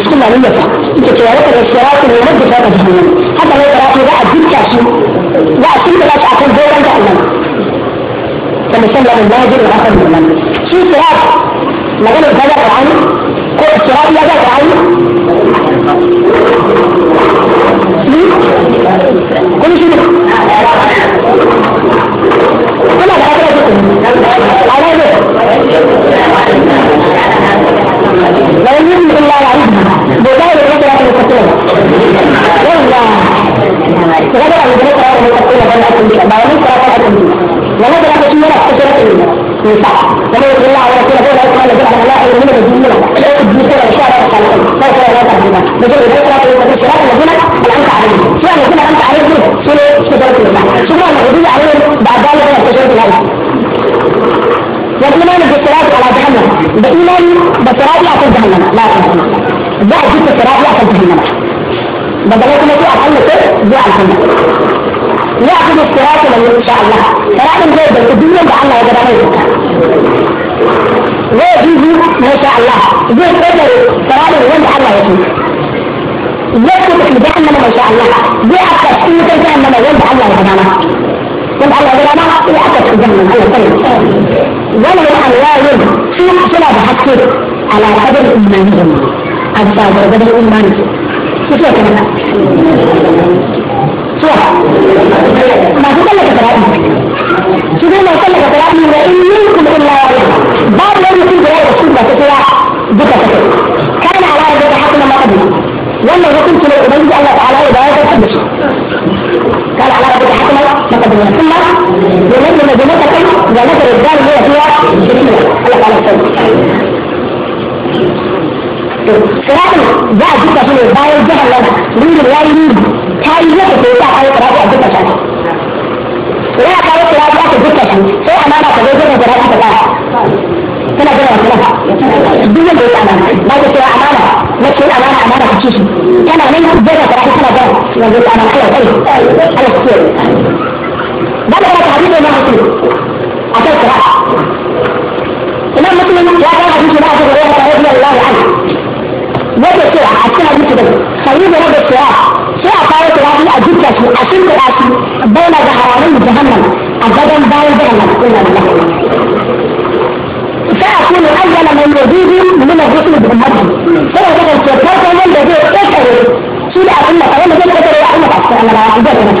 أشكل عليك أنت تيارات الاستراط اللي يمد في هذا الجهنم حتى لو تراقي بقى تجيب كعشو بقى تجيب بقى عشان دور أنت أمام كما سمع من الله جل وعلا من الله في استراط مجال البلد عن كل استراط لا بد عن كل شيء da يرجع الجنة يأخذ الصراط الذي شاء الله صراط زي الدنيا اللي الله يقدر عليها ويجيزي ما شاء الله زي قدر صراط الوند الله يجيزي زي كتب جهنم ما شاء الله زي أكثر سنة جهنم الوند الله يقدر عليها وند الله يقدر عليها إلى أكثر جهنم الله يقدر ولا الأنوار في أحسنة بحكي على قدر إيمانهم أجساد قدر إيمانهم كيف يقدر صح ما تكلك كلامي شوف ما تكلك كلامي وإن منكم إلا واردها بعد لم يكن في هذا الشبه كثيرا ذكر كان على ذلك حتى لما قدم ولا وكنت لأبنجي الله تعالى إذا هذا الحدث قال على ربك حكما لقد من ثم يمد مدينتكم ونذر الرجال هي فيها كثيرا الله تعالى salatin za a duka shi ne bayan jihar lana rindin ya yi rindin ta yi yadda ko ya kawo karatu a duka shi ya kawo karatu aka duka shi sai amana ka zo jiran karatu ta kara tana jiran wasu lafa duk yadda ya amana ba ta cewa amana na ce amana amana ka ci shi tana nan jiran karatu tana jiran yanzu ta kai kai ala ku ce ba da karatu hadisi na mutum a kai kira imam muslim ya kawo hadisi na abu hurairah rage kira a kira miki da sai da rage kira sai a fara kira shi a duka shi a sun kira shi bauna da haramun jahannam a gadon bayan da na cikin Allah sai a kuma ayyana mai yodidi nuna zikir da ummati sai da kira ce farkon wanda zai tsakare shi da abin da kare da zai tsakare ya Allah a cikin Allah a gadon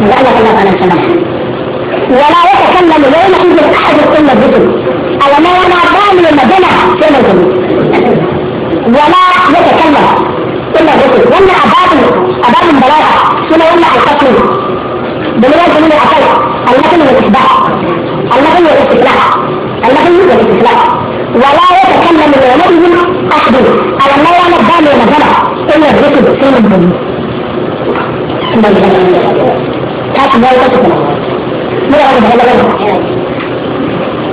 da Allah Allah ta nasara ولا يتكلم يوم إذن أحد إلا الذكر على ما أنا ضامن المدنة كما الجميل ولا يتكلم إلا الرسل وأن أباب أباب البلاغة هنا وأن القتل بالرد من الأقل النقل والإصباح النقل والاستفلاح النقل والاستفلاح ولا يتكلم يومئذ أحد على ما لا نبان ومجرى إلا الرسل سين المؤمنين كاتب لا يتكلم لا يتكلم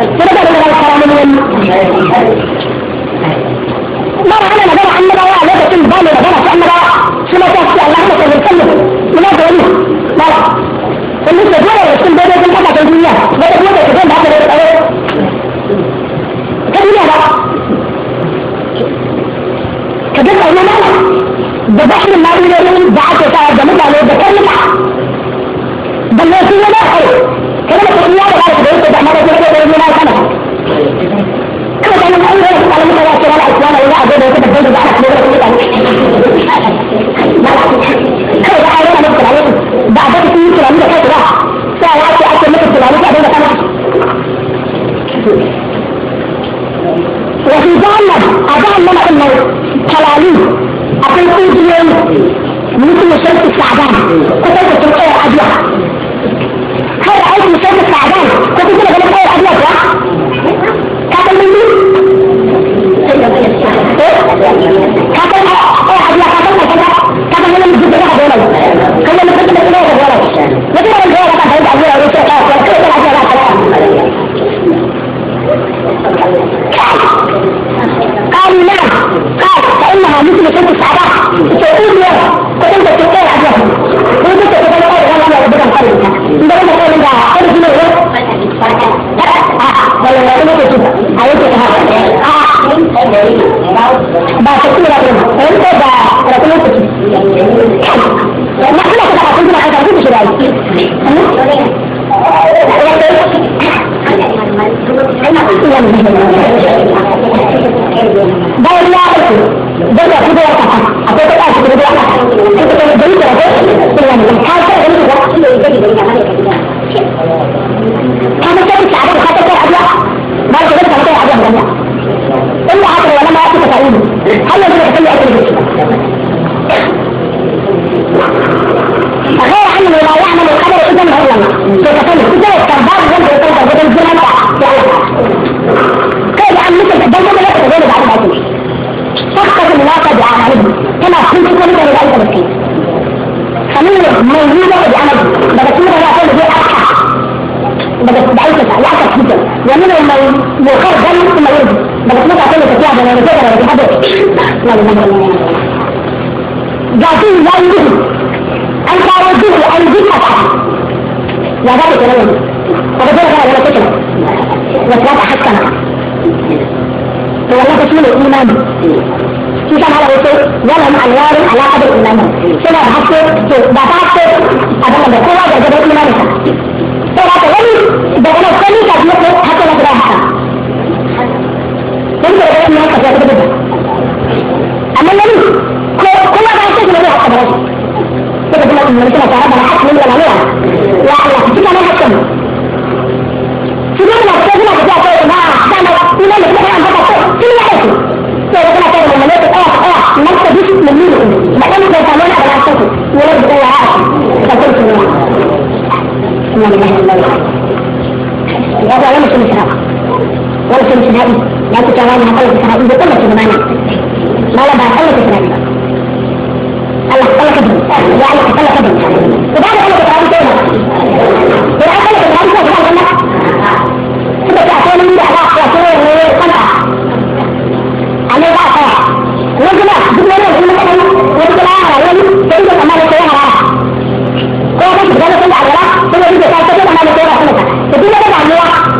السنة اللي قال كلام من ما رأينا نجرى عن نجرى ليس كل بالي نجرى في نجرى شما تحكي الله ما كان يتكلم ولا دولي لا لا اللي تجرى يكون بيدي كل حاجة الدنيا بدك وقت كمان بعد ذلك أول كدنيا بقى كدنيا هنا لا ده بحر المعلومة بعد تعب ده مثلا ده كلمة ده اللي يصير ده kada ka kuma da ba da da a da ke da yana kana kada ka nan aure da alamu da ke da alƙawari da abin da ke da da ana kuma da kuma da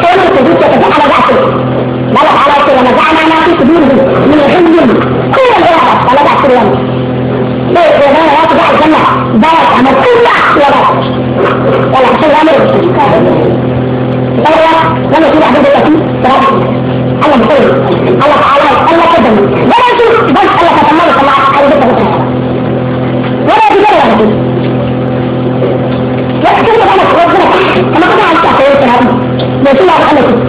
تعمل تجيب تتبع على ضعفه بل على ونزعنا ما في صدورهم من غل كل العراق على ضعف اليوم ليه يا جماعه يا تبع الجنه بلد عمل كل احتيارات ولا عشان الامر بلد لما يصير عدد الاسيس تراجع الله بخير الله تعالى الله قدم بلد بس me suna hana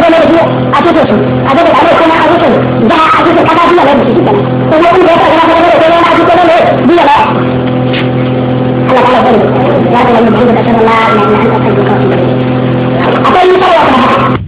ne da biyu a cikin su a daga da alaikun a cikin a cikin ne da su ya kuma ya ta da a cikin ne biyu ne Allah ta'ala sani ya da na akwai yi sarwa